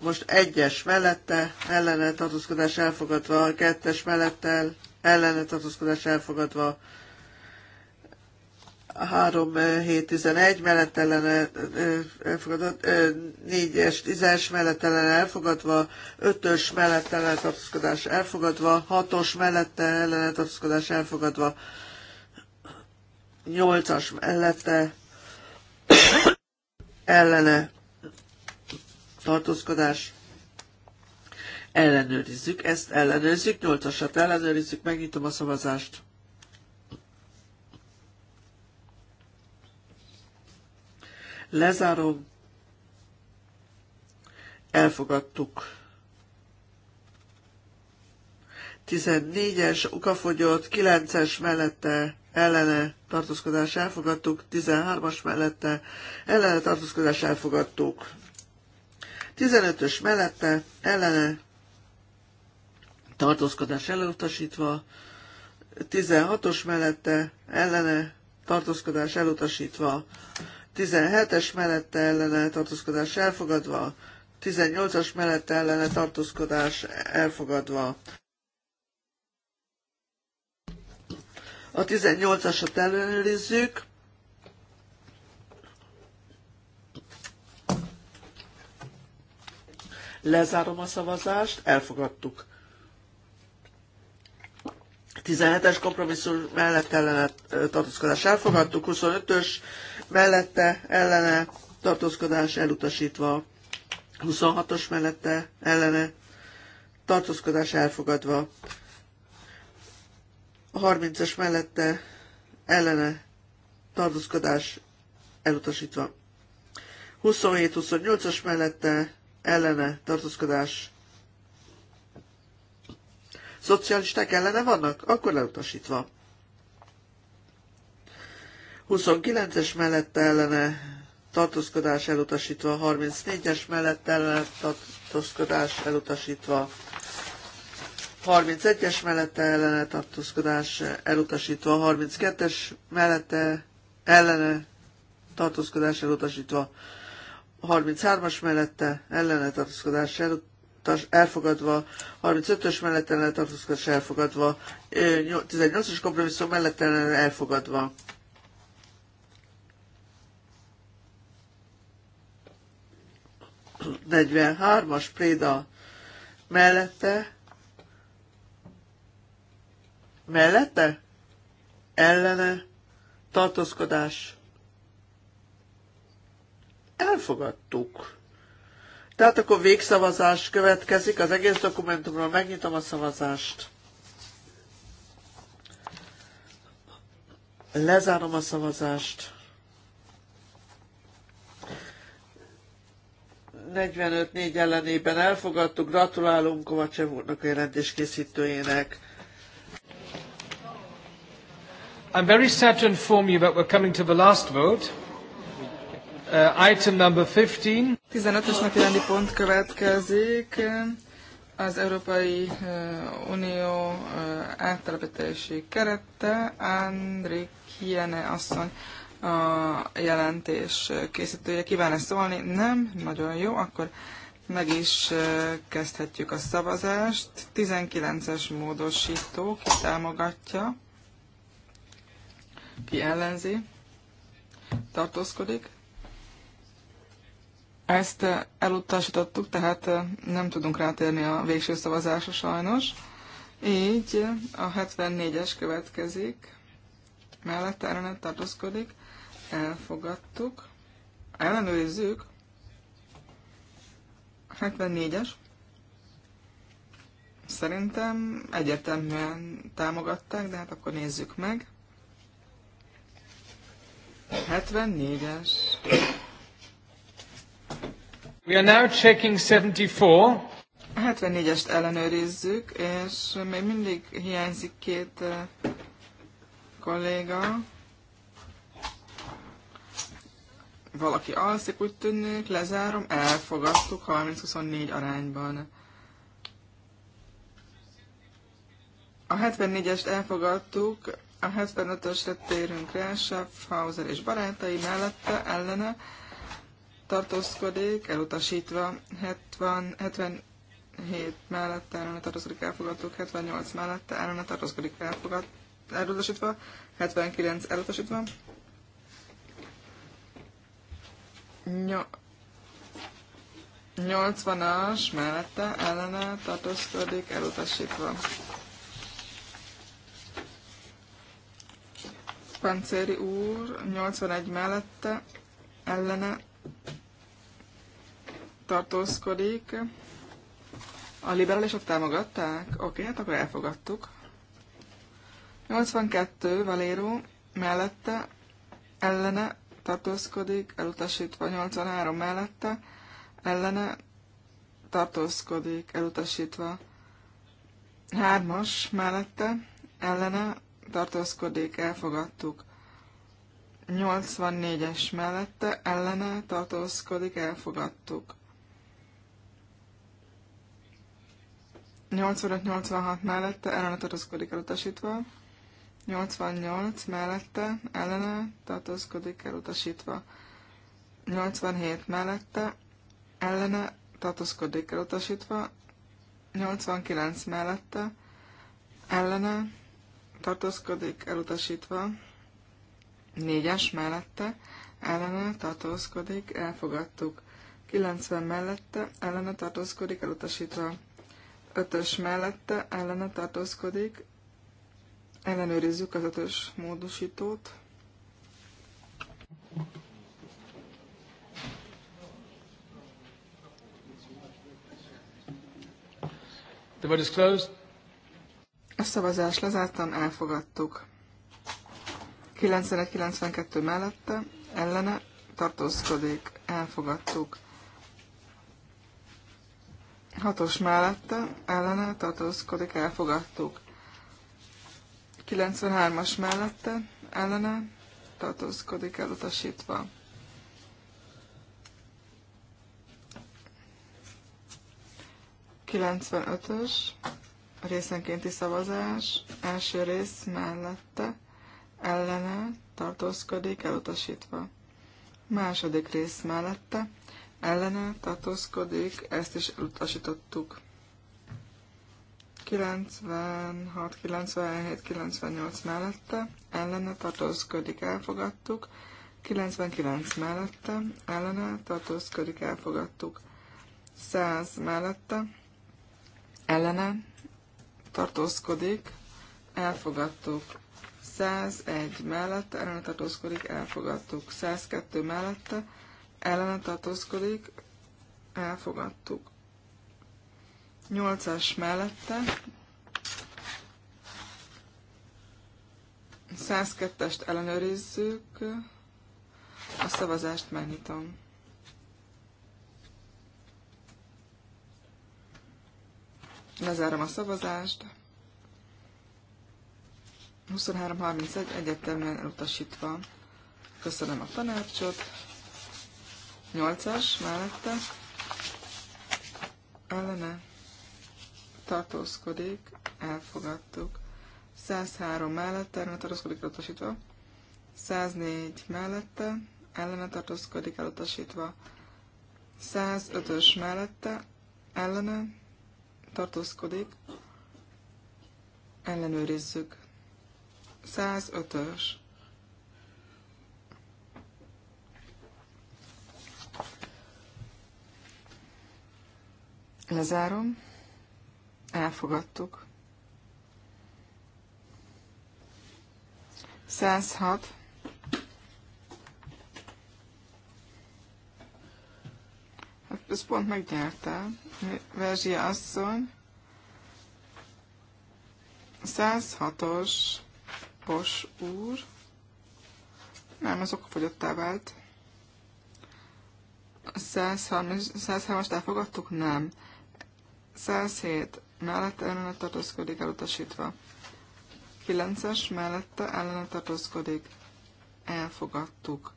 Most egyes mellette, ellene tartózkodás elfogadva, kettes mellette, ellene tartózkodás elfogadva, 3711 eh, mellett eh, eh, ellene elfogadva, 4-es, 10 mellett ellene elfogadva, 5-ös mellett ellene tartózkodás elfogadva, 6-os mellette ellene tartózkodás elfogadva, 8-as mellette ellene tartózkodás ellenőrizzük, ezt ellenőrizzük, nyolcasat ellenőrizzük, megnyitom a szavazást. Lezárom. Elfogadtuk. 14-es, ukafogyott, 9-es mellette ellene tartózkodás elfogadtuk, 13-as mellette ellene tartózkodás elfogadtuk. 15-ös mellette ellene tartózkodás elutasítva, 16-os mellette ellene tartózkodás elutasítva, 17-es mellette ellene tartózkodás elfogadva, 18-as mellette ellene tartózkodás elfogadva. A 18-asat ellenőrizzük. Lezárom a szavazást, elfogadtuk. 17-es kompromisszum mellett ellene tartózkodás elfogadtuk, 25-ös mellette ellene tartózkodás elutasítva, 26-os mellette ellene tartózkodás elfogadva, 30-es mellette ellene tartózkodás elutasítva, 27-28-as mellette ellene tartózkodás. Szocialisták ellene vannak? Akkor leutasítva. 29-es mellett ellene tartózkodás elutasítva, 34-es mellett ellene tartózkodás elutasítva, 31-es mellette ellene tartózkodás elutasítva, 32-es mellette ellene tartózkodás elutasítva, 33-as mellette ellene tartózkodás elfogadva, 35-ös mellett ellene tartózkodás elfogadva, 18-as kompromisszum mellett ellene elfogadva. as préda mellette, mellette, ellene, tartózkodás, Elfogadtuk. Tehát akkor végszavazás következik, az egész dokumentumról megnyitom a szavazást. Lezárom a szavazást. 45-4 ellenében elfogadtuk. Gratulálunk Kovacsev úrnak a jelentés készítőjének. I'm very sad to inform you that we're coming to the last vote. Uh, item number 15. 15-ös napi rendi pont következik. Az Európai uh, Unió uh, áttelepítési kerette Andri Kiene asszony a jelentés készítője. Kíván-e szólni? Nem? Nagyon jó. Akkor meg is uh, kezdhetjük a szavazást. 19-es módosító, ki támogatja, ki ellenzi, tartózkodik, ezt elutasítottuk, tehát nem tudunk rátérni a végső szavazásra sajnos. Így a 74-es következik, mellett ellenet tartozkodik. elfogadtuk, ellenőrizzük, 74-es, szerintem egyértelműen támogatták, de hát akkor nézzük meg. 74-es. We are now checking 74. 74-est ellenőrizzük, és még mindig hiányzik két eh, kolléga. Valaki alszik, úgy tűnik, lezárom, elfogadtuk 30-24 arányban. A 74-est elfogadtuk, a 75-ösre térünk rá, Schaffhauser és barátai mellette, ellene tartózkodik, elutasítva 70, 77 mellette ellene tartózkodik, elfogadtuk, 78 mellette ellene tartózkodik, elfogad, elutasítva, 79 elutasítva. Ny 80-as mellette ellene tartózkodik, elutasítva. Pancéri úr 81 mellette ellene tartózkodik. A liberálisok támogatták? Oké, okay, hát akkor elfogadtuk. 82 Valéró mellette, ellene tartózkodik, elutasítva 83 mellette, ellene tartózkodik, elutasítva 3-as mellette, ellene tartózkodik, elfogadtuk. 84-es mellette ellene tartózkodik, elfogadtuk. 85-86 mellette ellene tartózkodik elutasítva. 88 mellette ellene tartózkodik elutasítva. 87 mellette ellene tartózkodik elutasítva. 89 mellette ellene tartózkodik elutasítva. Négyes mellette ellene tartózkodik, elfogadtuk. 90 mellette ellene tartózkodik, elutasítva. 5-ös mellette ellene tartózkodik, ellenőrizzük az 5-ös módosítót. The vote is closed. A szavazás lezártan elfogadtuk. 91-92 mellette ellene tartózkodik, elfogadtuk. 6-os mellette ellene tartózkodik, elfogadtuk. 93-as mellette ellene tartózkodik, elutasítva. 95-ös, részenkénti szavazás, első rész mellette ellene tartózkodik elutasítva. Második rész mellette ellene tartózkodik, ezt is elutasítottuk. 96, 97, 98 mellette ellene tartózkodik, elfogadtuk. 99 mellette ellene tartózkodik, elfogadtuk. 100 mellette ellene tartózkodik, elfogadtuk. 101 mellett ellene tartózkodik, elfogadtuk. 102 mellette ellene tartózkodik, elfogadtuk. 8-as mellette 102-est ellenőrizzük, a szavazást megnyitom. Lezárom a szavazást. 23.31 egyetemben elutasítva. Köszönöm a tanácsot. 8-as mellette. Ellene tartózkodik, elfogadtuk. 103 mellette, ellene tartózkodik, elutasítva. 104 mellette, ellene tartózkodik, elutasítva. 105-ös mellette, ellene tartózkodik, ellenőrizzük. 105-ös. Lezárom. Elfogadtuk. 106. Hát ezt pont megnyerte. Verzsia asszony. 106-os. Pos úr. Nem, az okafogyottá vált. 103 as elfogadtuk? Nem. 107 mellette ellene tartózkodik elutasítva. 9-es mellette ellene tartózkodik. Elfogadtuk.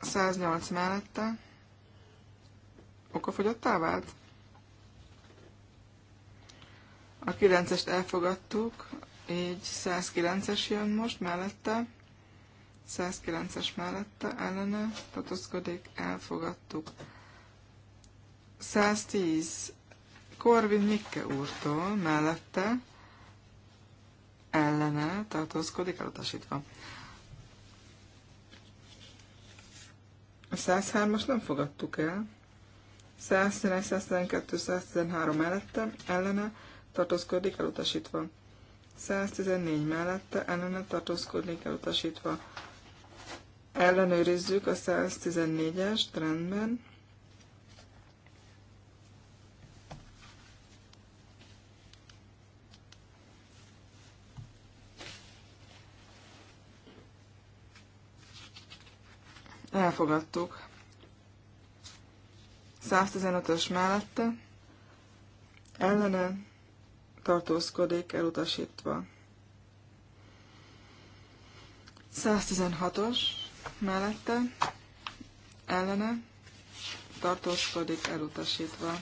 108 mellette okafogyottá vált? A 9-est elfogadtuk, így 109-es jön most mellette. 109-es mellette ellene tartózkodik, elfogadtuk. 110 Korvin Mikke úrtól mellette ellene tartózkodik, elutasítva. A 103-as nem fogadtuk el. 111, 112, 113 mellette ellene tartózkodik elutasítva. 114 mellette ellene tartózkodik elutasítva. Ellenőrizzük a 114-es trendben. Elfogadtuk. 115-ös mellette ellene tartózkodik elutasítva. 116-os mellette ellene tartózkodik elutasítva.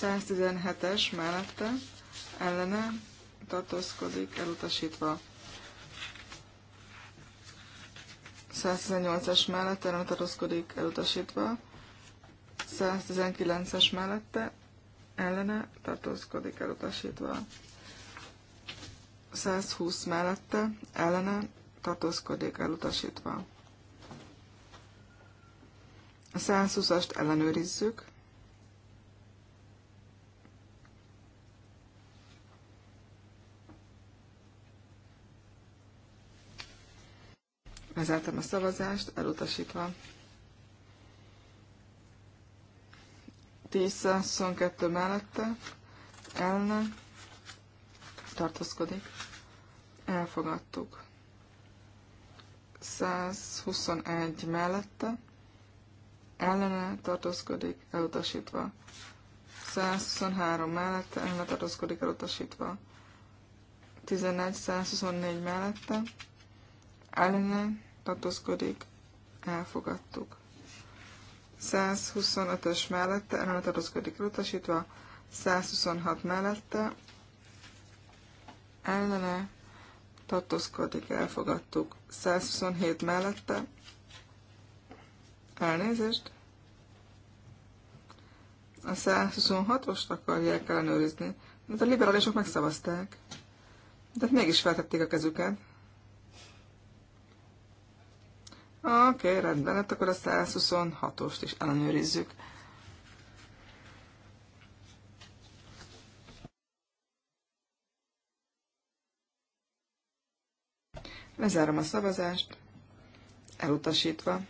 117-es mellette ellene tartózkodik elutasítva. 118 es mellette ellene tartózkodik elutasítva. 119-es mellette ellene tartózkodik elutasítva. 120 mellette ellene tartózkodik elutasítva. A 120-ast ellenőrizzük. Lezártam a szavazást, elutasítva. 1022 mellette ellen tartózkodik. Elfogadtuk. 121 mellette ellene tartózkodik elutasítva. 123 mellette ellene tartózkodik elutasítva. 11-124 mellette ellene tartózkodik, elfogadtuk. 125-ös mellette, ellene tartózkodik elutasítva, 126 mellette, ellene tartózkodik, elfogadtuk, 127 mellette, elnézést, a 126-ost akarják ellenőrizni, mert a liberálisok megszavazták. De hát mégis feltették a kezüket. Oké, okay, rendben, hát akkor a 126-ost is ellenőrizzük. Lezárom a szavazást, elutasítva.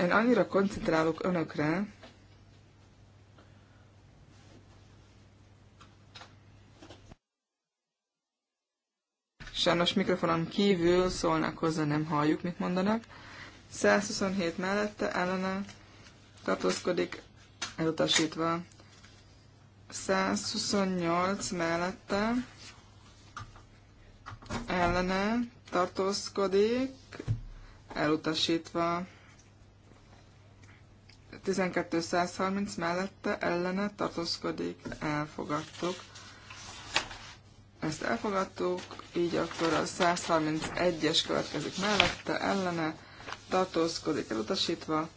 Én annyira koncentrálok önökre, Sajnos mikrofonon kívül szólnak hozzá, nem halljuk, mit mondanak. 127 mellette ellene tartózkodik, elutasítva. 128 mellette ellene tartózkodik, elutasítva. 12.130 mellette ellene tartózkodik, elfogadtuk ezt elfogadtuk, így akkor a 131-es következik mellette, ellene, tartózkodik elutasítva,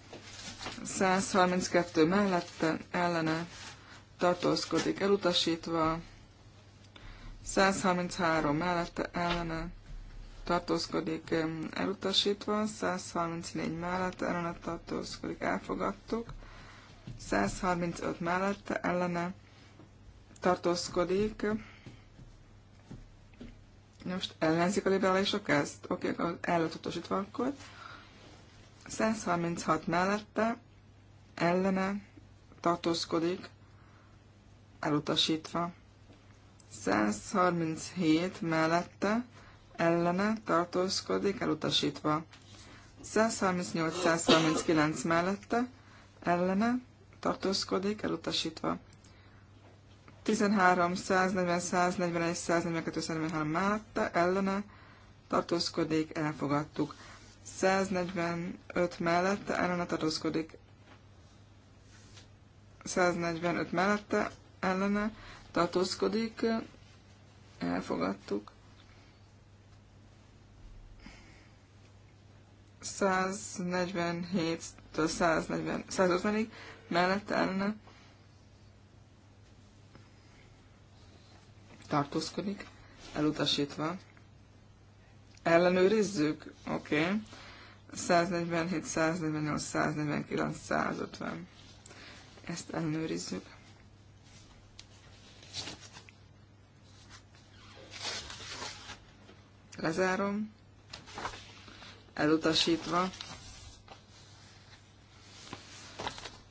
132 mellette, ellene, tartózkodik elutasítva, 133 mellette, ellene, tartózkodik elutasítva, 134 mellette, ellene tartózkodik, elfogadtuk, 135 mellette, ellene, tartózkodik, most ellenzik a liberálisok ezt? Oké, okay, elutasítva akkor. 136 mellette ellene tartózkodik, elutasítva. 137 mellette ellene tartózkodik, elutasítva. 138-139 mellette ellene tartózkodik, elutasítva. 13, 140, 141, 142, 143 mátta ellene tartózkodik, elfogadtuk. 145 mellette ellene tartózkodik, 145 mellette ellene tartózkodik, elfogadtuk. 147-től 150-ig mellette ellene tartózkodik, elutasítva. Ellenőrizzük? Oké. Okay. 147, 148, 149, 150. Ezt ellenőrizzük. Lezárom. Elutasítva.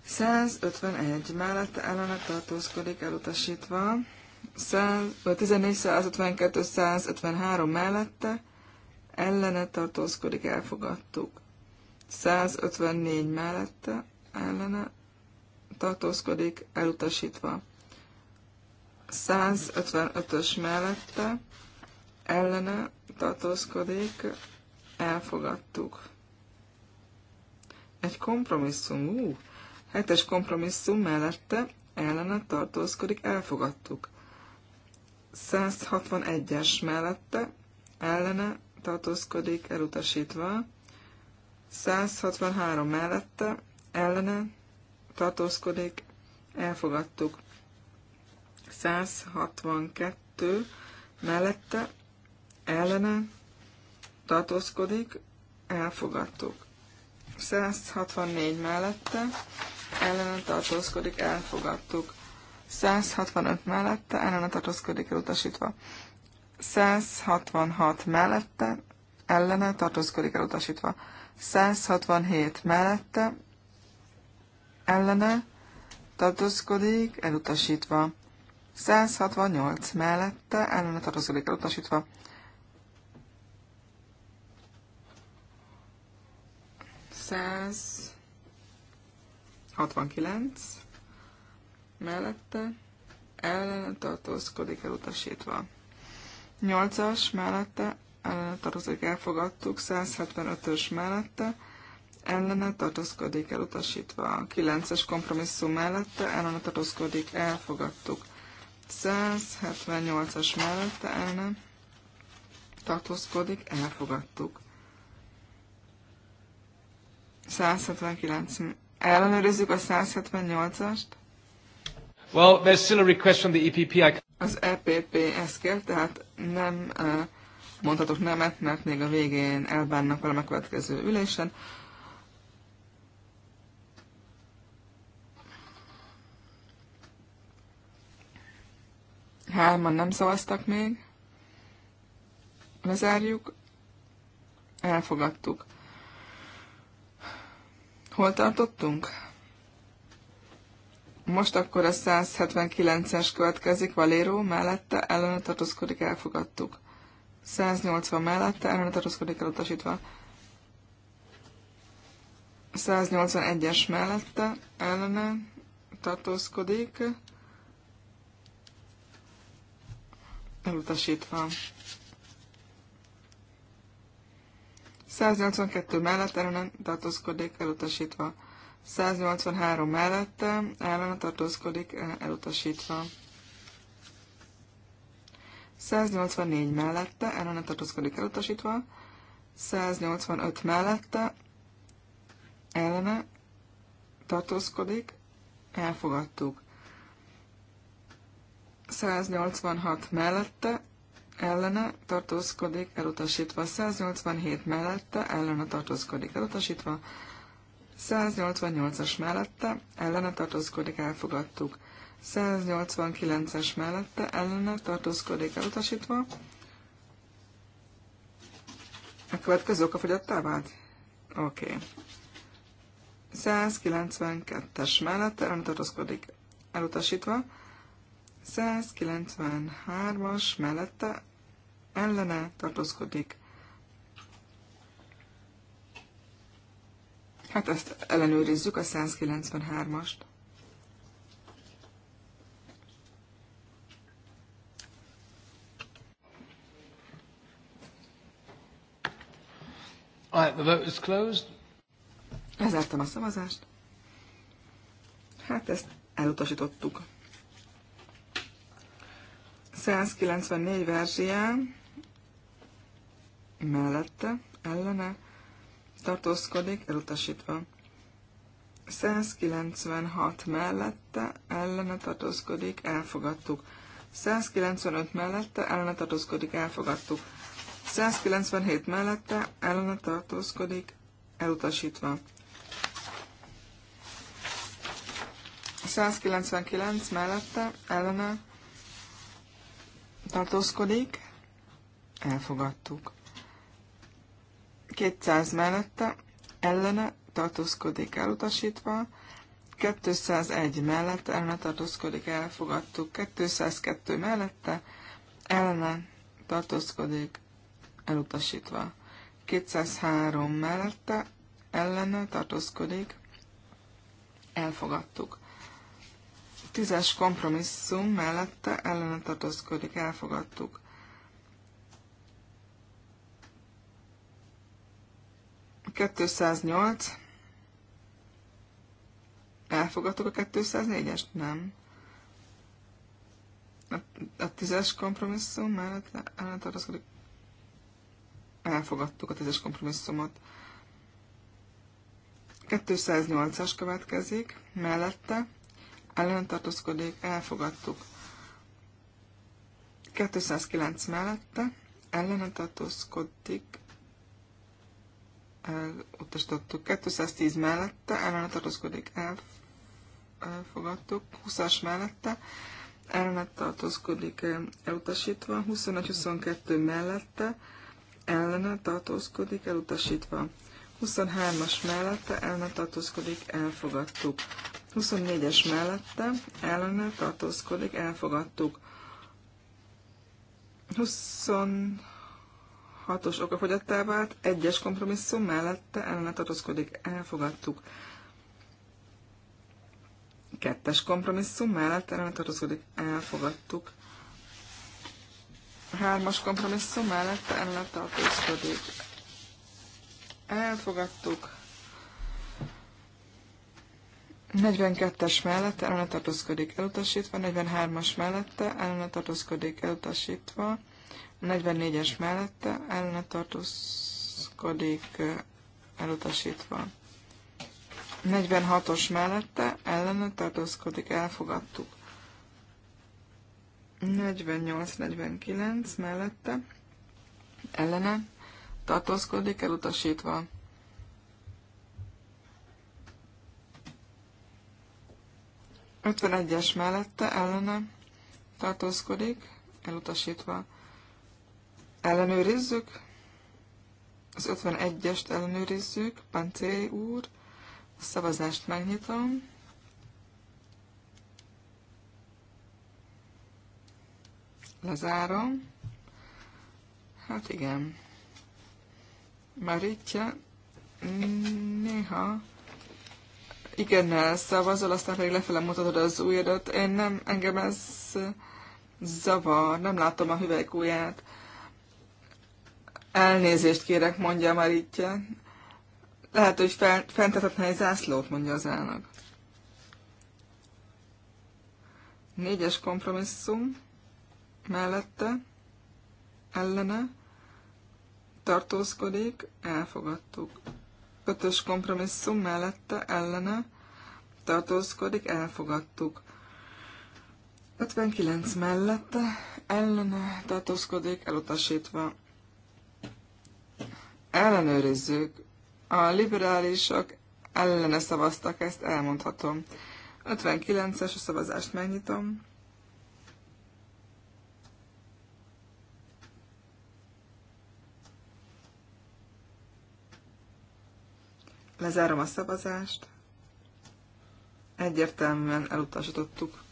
151 mellett ellene tartózkodik elutasítva. 114 153 mellette ellene tartózkodik, elfogadtuk. 154 mellette ellene tartózkodik, elutasítva. 155-ös mellette ellene tartózkodik, elfogadtuk. Egy kompromisszum, ú, hetes kompromisszum mellette ellene tartózkodik, elfogadtuk. 161-es mellette ellene tartózkodik elutasítva, 163 mellette ellene tartózkodik, elfogadtuk. 162 mellette ellene tartózkodik, elfogadtuk. 164 mellette ellene tartózkodik, elfogadtuk. 165 mellette, a tartózkodik elutasítva. 166 mellette, ellene tartózkodik elutasítva. 167 mellette, ellene tartózkodik elutasítva. 168 mellette, ellene tartózkodik elutasítva. 169 mellette ellene tartózkodik elutasítva. 8-as mellette ellene tartózkodik elfogadtuk, 175-ös mellette ellene tartózkodik elutasítva. 9-es kompromisszum mellette ellene tartózkodik elfogadtuk. 178-as mellette ellene tartózkodik elfogadtuk. 179 ellenőrizzük a 178-ast. Well, there's still a request from the EPP. I... Az EPP ezt kér, tehát nem uh, mondhatok nemet, mert még a végén elbánnak velem a következő ülésen. Hárman nem szavaztak még. Lezárjuk. Elfogadtuk. Hol tartottunk? Most akkor a 179-es következik, Valéró mellette ellene tartózkodik, elfogadtuk. 180 mellette ellene tartózkodik, elutasítva. 181-es mellette ellene tartózkodik, elutasítva. 182 mellett ellene tartózkodik, elutasítva. 183 mellette ellen e, tartózkodik elutasítva. 184 mellette ellen tartózkodik elutasítva. 185 mellette ellene tartózkodik, elfogadtuk. 186 mellette ellene tartózkodik, elutasítva. 187 mellette ellene tartózkodik, elutasítva. 188-as mellette ellene tartózkodik, elfogadtuk. 189-es mellette ellene tartózkodik, elutasítva. A következő oka fogyottá vált? Oké. Okay. 192-es mellette ellene tartózkodik, elutasítva. 193-as mellette ellene tartózkodik, Hát ezt ellenőrizzük, a 193-ast. Alright, the vote is closed. Lezártam a szavazást. Hát ezt elutasítottuk. 194 verzián mellette, ellene tartózkodik, elutasítva. 196 mellette ellene tartózkodik, elfogadtuk. 195 mellette ellene tartózkodik, elfogadtuk. 197 mellette ellene tartózkodik, elutasítva. 199 mellette ellene tartózkodik, elfogadtuk. 200 mellette ellene tartózkodik elutasítva, 201 mellette ellene tartózkodik elfogadtuk, 202 mellette ellene tartózkodik elutasítva, 203 mellette ellene tartózkodik elfogadtuk. Tízes kompromisszum mellette ellene tartózkodik elfogadtuk. 208. Elfogadtuk a 204-est? Nem. A, a tízes kompromisszum mellett ellentartaszkodik. Elfogadtuk a tízes kompromisszumot. 208-as következik, mellette ellentartaszkodik, elfogadtuk. 209 mellette ellentartózkodik, utasítottuk 210 mellette, ellene tartózkodik, elfogadtuk. 20-as mellette, ellene tartózkodik, elutasítva. 21-22 mellette, ellene tartózkodik, elutasítva. 23-as mellette, ellene tartózkodik, elfogadtuk. 24-es mellette, ellene tartózkodik, elfogadtuk. 20 hatos okafogyattá vált, egyes kompromisszum mellette ellene tartózkodik, elfogadtuk. Kettes kompromisszum mellett ellene tartózkodik, elfogadtuk. Hármas kompromisszum mellett ellene tartózkodik, elfogadtuk. 42-es mellette ellene tartózkodik, elutasítva, 43-as mellette ellene tartózkodik, elutasítva. 44-es mellette ellene tartózkodik elutasítva. 46-os mellette ellene tartózkodik, elfogadtuk. 48-49 mellette ellene tartózkodik, elutasítva. 51-es mellette ellene tartózkodik, elutasítva ellenőrizzük. Az 51-est ellenőrizzük, Pancéli úr. A szavazást megnyitom. Lezárom. Hát igen. Maritja néha igennel szavazol, aztán pedig lefele mutatod az ujjadat. Én nem, engem ez zavar, nem látom a hüvelykúját. Elnézést kérek, mondja Maritja. Lehet, hogy fel, fentetetne egy zászlót, mondja az elnök. Négyes kompromisszum mellette, ellene, tartózkodik, elfogadtuk. Ötös kompromisszum mellette, ellene, tartózkodik, elfogadtuk. 59 mellette, ellene tartózkodik, elutasítva ellenőrizzük. A liberálisok ellene szavaztak, ezt elmondhatom. 59-es a szavazást megnyitom. Lezárom a szavazást. Egyértelműen elutasítottuk.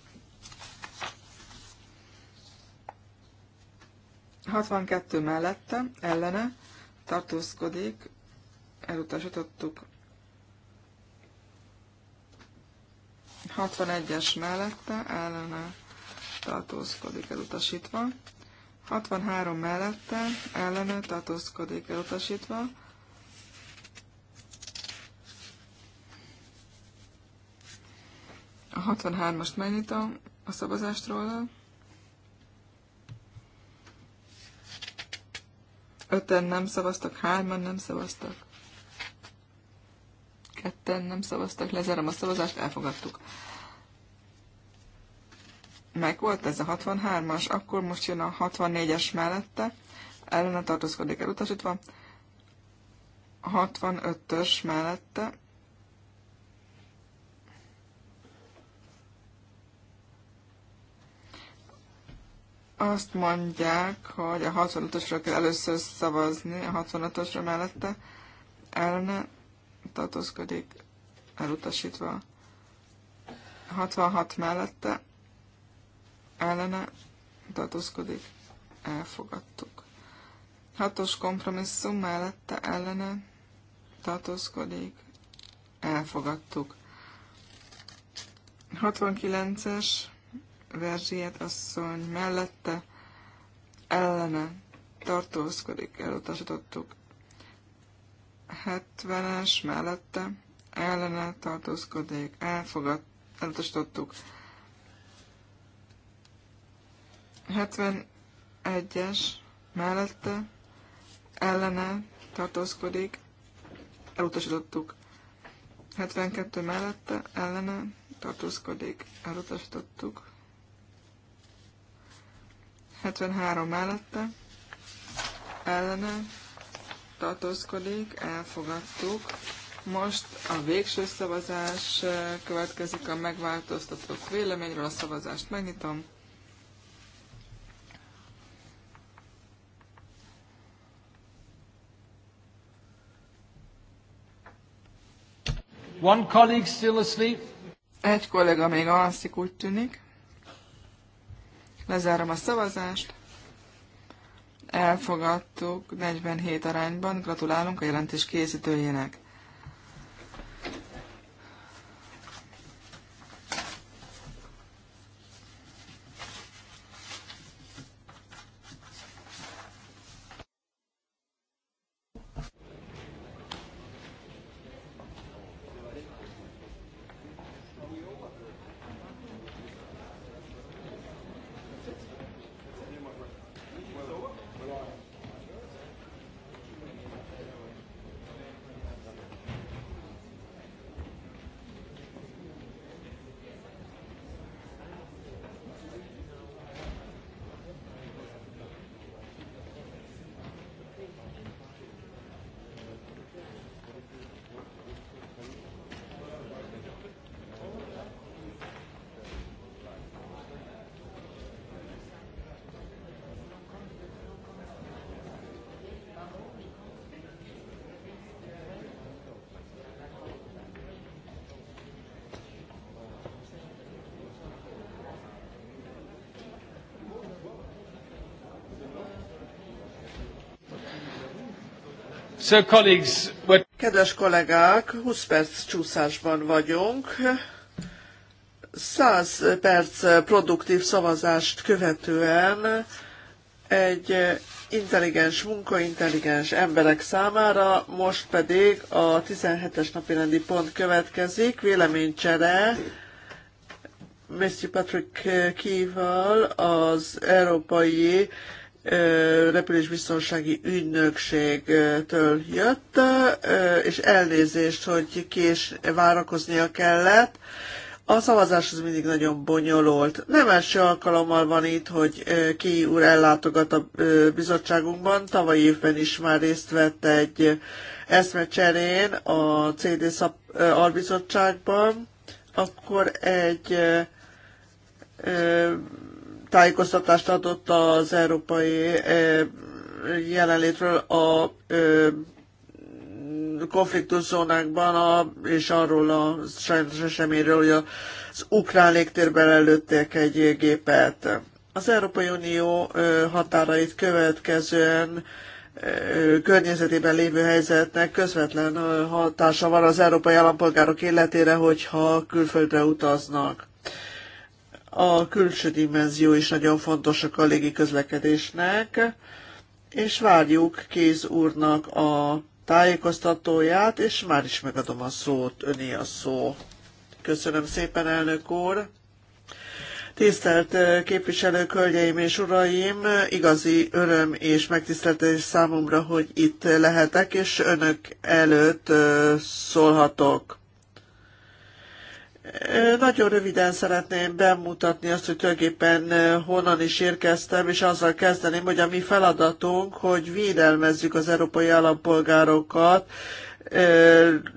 62 mellette, ellene, tartózkodik, elutasítottuk 61-es mellette ellene tartózkodik elutasítva, 63 mellette ellene tartózkodik elutasítva, 63-ast megnyitom a szavazást róla, Öten nem szavaztak, hárman nem szavaztak. Ketten nem szavaztak, lezárom a szavazást, elfogadtuk. Meg volt ez a 63-as, akkor most jön a 64-es mellette, ellene tartózkodik elutasítva. 65-ös mellette, azt mondják, hogy a 65 osra kell először szavazni, a 65 osra mellette ellene tartózkodik elutasítva. 66 mellette ellene tartózkodik, elfogadtuk. 6-os kompromisszum mellette ellene tartózkodik, elfogadtuk. 69-es Verziet asszony mellette ellene tartózkodik, elutasítottuk. 70-es mellette ellene tartózkodik, elfogad, elutasítottuk. 71-es mellette ellene tartózkodik, elutasítottuk. 72 mellette ellene tartózkodik, elutasítottuk. 73 mellette ellene tartózkodik, elfogadtuk. Most a végső szavazás eh, következik a megváltoztatott véleményről, a szavazást megnyitom. One colleague still asleep. Egy kollega még alszik, úgy tűnik. Lezárom a szavazást. Elfogadtuk 47 arányban. Gratulálunk a jelentés készítőjének. Kedves kollégák, 20 perc csúszásban vagyunk. 100 perc produktív szavazást követően egy intelligens munka, intelligens emberek számára, most pedig a 17-es napirendi pont következik, véleménycsere Mr. Patrick Kival az Európai repülésbiztonsági ügynökségtől jött, és elnézést, hogy kés várakoznia kellett. A szavazás az mindig nagyon bonyolult. Nem első alkalommal van itt, hogy Ki úr ellátogat a bizottságunkban. Tavaly évben is már részt vett egy eszmecserén a CD albizottságban. Akkor egy tájékoztatást adott az európai jelenlétről a konfliktuszónákban a, és arról a sajnos eseményről, hogy az ukrán légtérben előtték egy gépet. Az Európai Unió határait következően környezetében lévő helyzetnek közvetlen hatása van az európai állampolgárok életére, hogyha külföldre utaznak a külső dimenzió is nagyon fontosak a légi közlekedésnek, és várjuk Kéz úrnak a tájékoztatóját, és már is megadom a szót, öné a szó. Köszönöm szépen, elnök úr! Tisztelt képviselők, hölgyeim és uraim, igazi öröm és megtiszteltetés számomra, hogy itt lehetek, és önök előtt szólhatok. Nagyon röviden szeretném bemutatni azt, hogy tulajdonképpen honnan is érkeztem, és azzal kezdeném, hogy a mi feladatunk, hogy védelmezzük az európai állampolgárokat,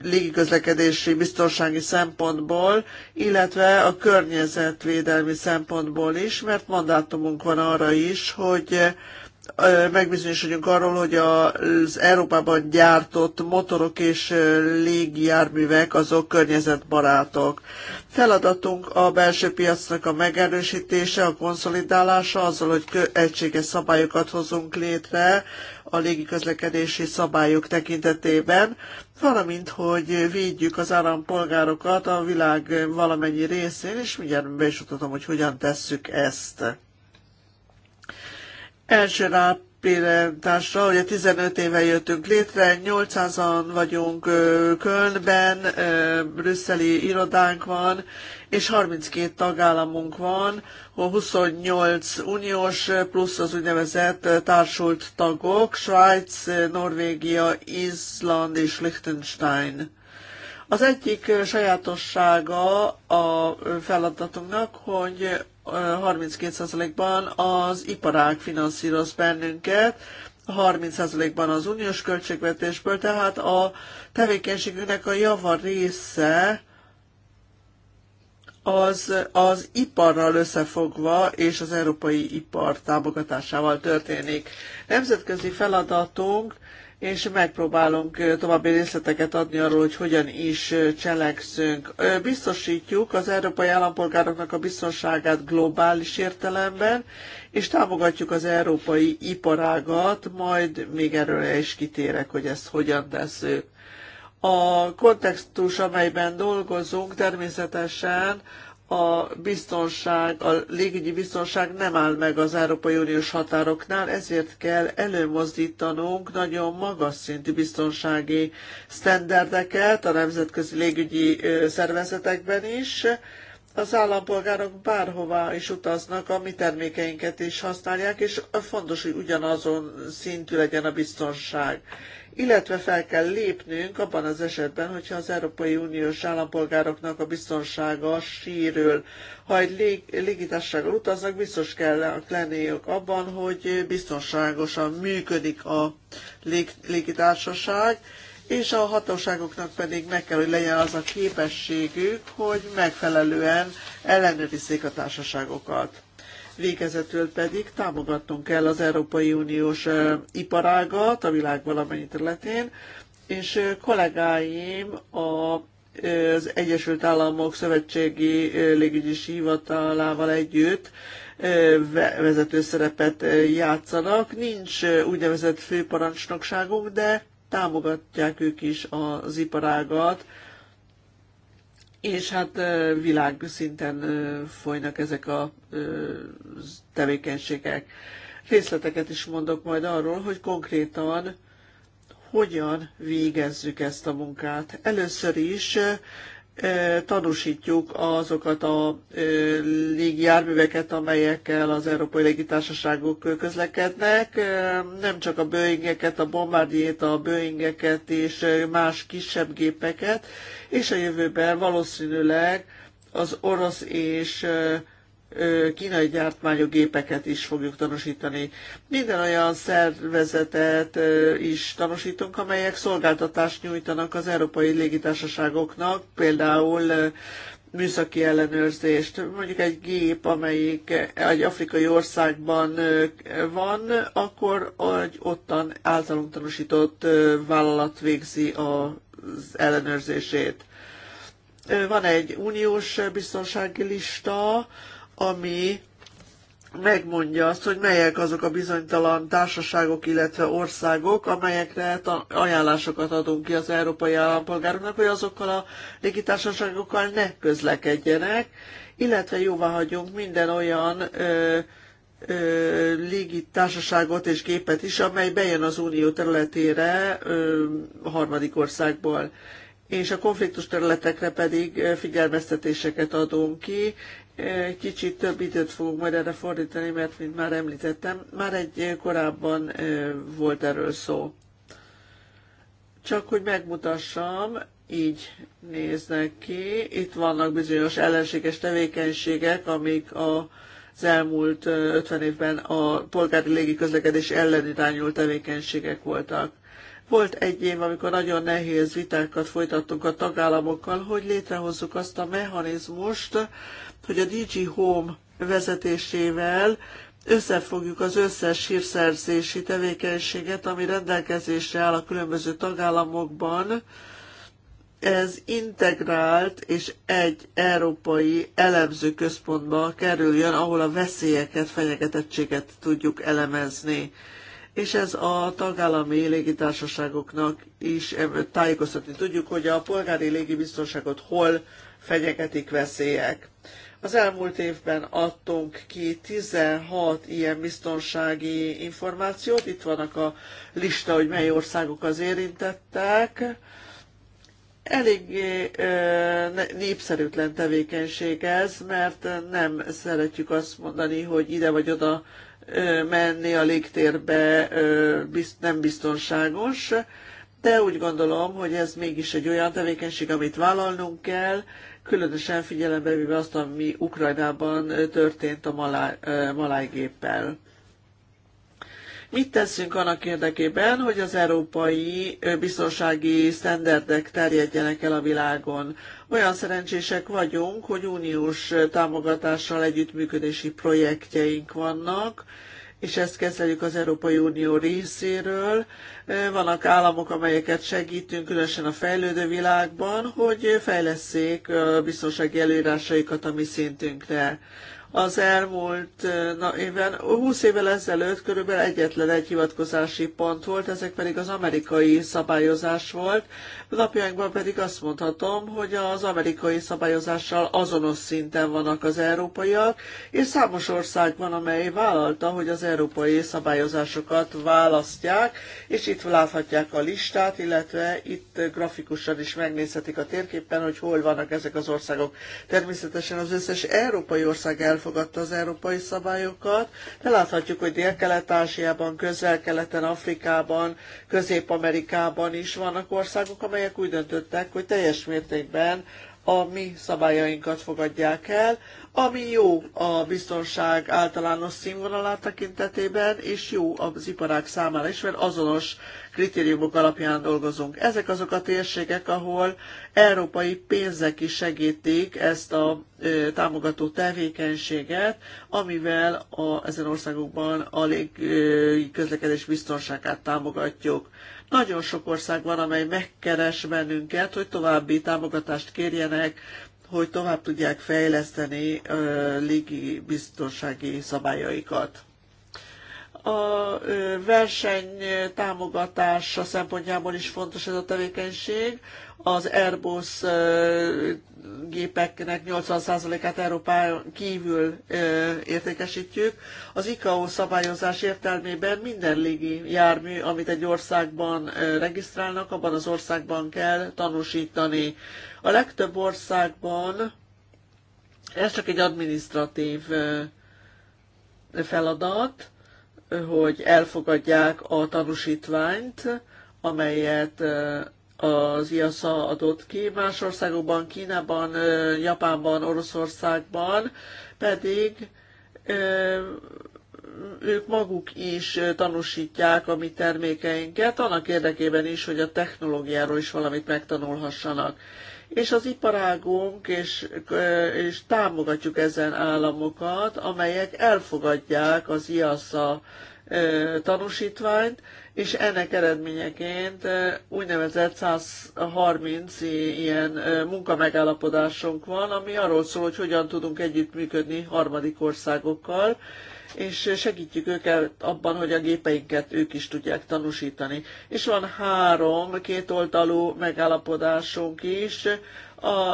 légiközlekedési biztonsági szempontból, illetve a környezetvédelmi szempontból is, mert mandátumunk van arra is, hogy megbizonyosodjunk arról, hogy az Európában gyártott motorok és légjárművek azok környezetbarátok. Feladatunk a belső piacnak a megerősítése, a konszolidálása, azzal, hogy egységes szabályokat hozunk létre a légiközlekedési szabályok tekintetében, valamint, hogy védjük az állampolgárokat a világ valamennyi részén, és mindjárt be is mutatom, hogy hogyan tesszük ezt. Első rá pillantásra, ugye 15 éve jöttünk létre, 800-an vagyunk Kölnben, brüsszeli irodánk van, és 32 tagállamunk van, 28 uniós plusz az úgynevezett társult tagok, Svájc, Norvégia, Izland és Liechtenstein. Az egyik sajátossága a feladatunknak, hogy 32%-ban az iparág finanszíroz bennünket, 30%-ban az uniós költségvetésből, tehát a tevékenységünknek a java része az, az iparral összefogva és az európai ipar támogatásával történik. Nemzetközi feladatunk és megpróbálunk további részleteket adni arról, hogy hogyan is cselekszünk. Biztosítjuk az európai állampolgároknak a biztonságát globális értelemben, és támogatjuk az európai iparágat, majd még erről is kitérek, hogy ezt hogyan tesszük. A kontextus, amelyben dolgozunk, természetesen a biztonság, a légügyi biztonság nem áll meg az Európai Uniós határoknál, ezért kell előmozdítanunk nagyon magas szintű biztonsági sztenderdeket a nemzetközi légügyi szervezetekben is. Az állampolgárok bárhová is utaznak, a mi termékeinket is használják, és fontos, hogy ugyanazon szintű legyen a biztonság illetve fel kell lépnünk abban az esetben, hogyha az Európai Uniós állampolgároknak a biztonsága sírül. Ha egy lég, légitársággal utaznak, biztos kell lenniük abban, hogy biztonságosan működik a lég, légitársaság, és a hatóságoknak pedig meg kell, hogy legyen az a képességük, hogy megfelelően ellenőrizzék a társaságokat. Végezetül pedig támogatnunk kell az Európai Uniós iparágat a világ valamennyi területén, és kollégáim a az Egyesült Államok Szövetségi Légügyi Hivatalával együtt vezető szerepet játszanak. Nincs úgynevezett főparancsnokságunk, de támogatják ők is az iparágat, és hát világszinten folynak ezek a tevékenységek. Részleteket is mondok majd arról, hogy konkrétan hogyan végezzük ezt a munkát. Először is tanúsítjuk azokat a légjárműveket, amelyekkel az Európai Légitársaságok közlekednek, nem csak a Boeingeket, a Bombardiét, a Boeingeket és más kisebb gépeket, és a jövőben valószínűleg az orosz és kínai gyártmányú gépeket is fogjuk tanúsítani. Minden olyan szervezetet is tanúsítunk, amelyek szolgáltatást nyújtanak az európai légitársaságoknak, például műszaki ellenőrzést. Mondjuk egy gép, amelyik egy afrikai országban van, akkor egy ottan általunk tanúsított vállalat végzi az ellenőrzését. Van egy uniós biztonsági lista, ami megmondja azt, hogy melyek azok a bizonytalan társaságok, illetve országok, amelyekre ajánlásokat adunk ki az európai állampolgároknak, hogy azokkal a légitársaságokkal ne közlekedjenek, illetve jóvá hagyunk minden olyan ö, ö, légitársaságot és gépet is, amely bejön az unió területére ö, harmadik országból és a konfliktus területekre pedig figyelmeztetéseket adunk ki, Kicsit több időt fogok majd erre fordítani, mert, mint már említettem, már egy korábban volt erről szó. Csak hogy megmutassam, így néznek ki. Itt vannak bizonyos ellenséges tevékenységek, amik a, az elmúlt 50 évben a polgári légiközlekedés ellen irányuló tevékenységek voltak. Volt egy év, amikor nagyon nehéz vitákat folytattunk a tagállamokkal, hogy létrehozzuk azt a mechanizmust, hogy a DG Home vezetésével összefogjuk az összes hírszerzési tevékenységet, ami rendelkezésre áll a különböző tagállamokban. Ez integrált és egy európai elemző központba kerüljön, ahol a veszélyeket, fenyegetettséget tudjuk elemezni és ez a tagállami légitársaságoknak is tájékoztatni tudjuk, hogy a polgári légibiztonságot hol fenyegetik veszélyek. Az elmúlt évben adtunk ki 16 ilyen biztonsági információt, itt vannak a lista, hogy mely országok az érintettek. Elég népszerűtlen tevékenység ez, mert nem szeretjük azt mondani, hogy ide vagy oda menni a légtérbe nem biztonságos, de úgy gondolom, hogy ez mégis egy olyan tevékenység, amit vállalnunk kell, különösen figyelembe véve azt, ami Ukrajnában történt a malájgéppel. Mit teszünk annak érdekében, hogy az európai biztonsági sztenderdek terjedjenek el a világon? Olyan szerencsések vagyunk, hogy uniós támogatással együttműködési projektjeink vannak, és ezt kezeljük az Európai Unió részéről. Vannak államok, amelyeket segítünk, különösen a fejlődő világban, hogy fejleszék biztonsági előírásaikat a mi szintünkre az elmúlt na, éven, 20 évvel ezelőtt körülbelül egyetlen egy hivatkozási pont volt, ezek pedig az amerikai szabályozás volt. Napjainkban pedig azt mondhatom, hogy az amerikai szabályozással azonos szinten vannak az európaiak, és számos ország van, amely vállalta, hogy az európai szabályozásokat választják, és itt láthatják a listát, illetve itt grafikusan is megnézhetik a térképen, hogy hol vannak ezek az országok. Természetesen az összes európai ország el elfogadta az európai szabályokat, de láthatjuk, hogy Dél-Kelet-Ázsiában, Közel-Keleten, Afrikában, Közép-Amerikában is vannak országok, amelyek úgy döntöttek, hogy teljes mértékben a mi szabályainkat fogadják el, ami jó a biztonság általános színvonalát tekintetében, és jó az iparák számára is, mert azonos kritériumok alapján dolgozunk. Ezek azok a térségek, ahol európai pénzek is segítik ezt a támogató tevékenységet, amivel a, ezen országokban a légközlekedés biztonságát támogatjuk. Nagyon sok ország van, amely megkeres bennünket, hogy további támogatást kérjenek, hogy tovább tudják fejleszteni légi biztonsági szabályaikat a verseny támogatása szempontjából is fontos ez a tevékenység. Az Airbus gépeknek 80%-át Európán kívül értékesítjük. Az ICAO szabályozás értelmében minden légi jármű, amit egy országban regisztrálnak, abban az országban kell tanúsítani. A legtöbb országban ez csak egy administratív feladat, hogy elfogadják a tanúsítványt, amelyet az IASA adott ki, más országokban, Kínában, Japánban, Oroszországban pedig ők maguk is tanúsítják a mi termékeinket, annak érdekében is, hogy a technológiáról is valamit megtanulhassanak és az iparágunk, és, és támogatjuk ezen államokat, amelyek elfogadják az IASZA tanúsítványt, és ennek eredményeként úgynevezett 130 ilyen munkamegállapodásunk van, ami arról szól, hogy hogyan tudunk együttműködni harmadik országokkal, és segítjük őket abban, hogy a gépeinket ők is tudják tanúsítani. És van három kétoldalú megállapodásunk is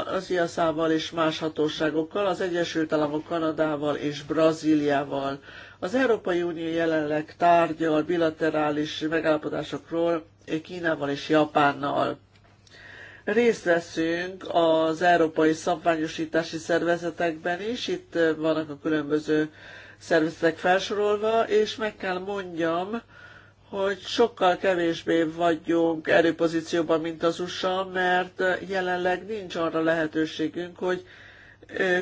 az IASZ-val és más hatóságokkal, az Egyesült Államok Kanadával és Brazíliával. Az Európai Unió jelenleg tárgyal bilaterális megállapodásokról Kínával és Japánnal részt veszünk az európai szabványosítási szervezetekben is, itt vannak a különböző szervezetek felsorolva, és meg kell mondjam, hogy sokkal kevésbé vagyunk erőpozícióban, mint az USA, mert jelenleg nincs arra lehetőségünk, hogy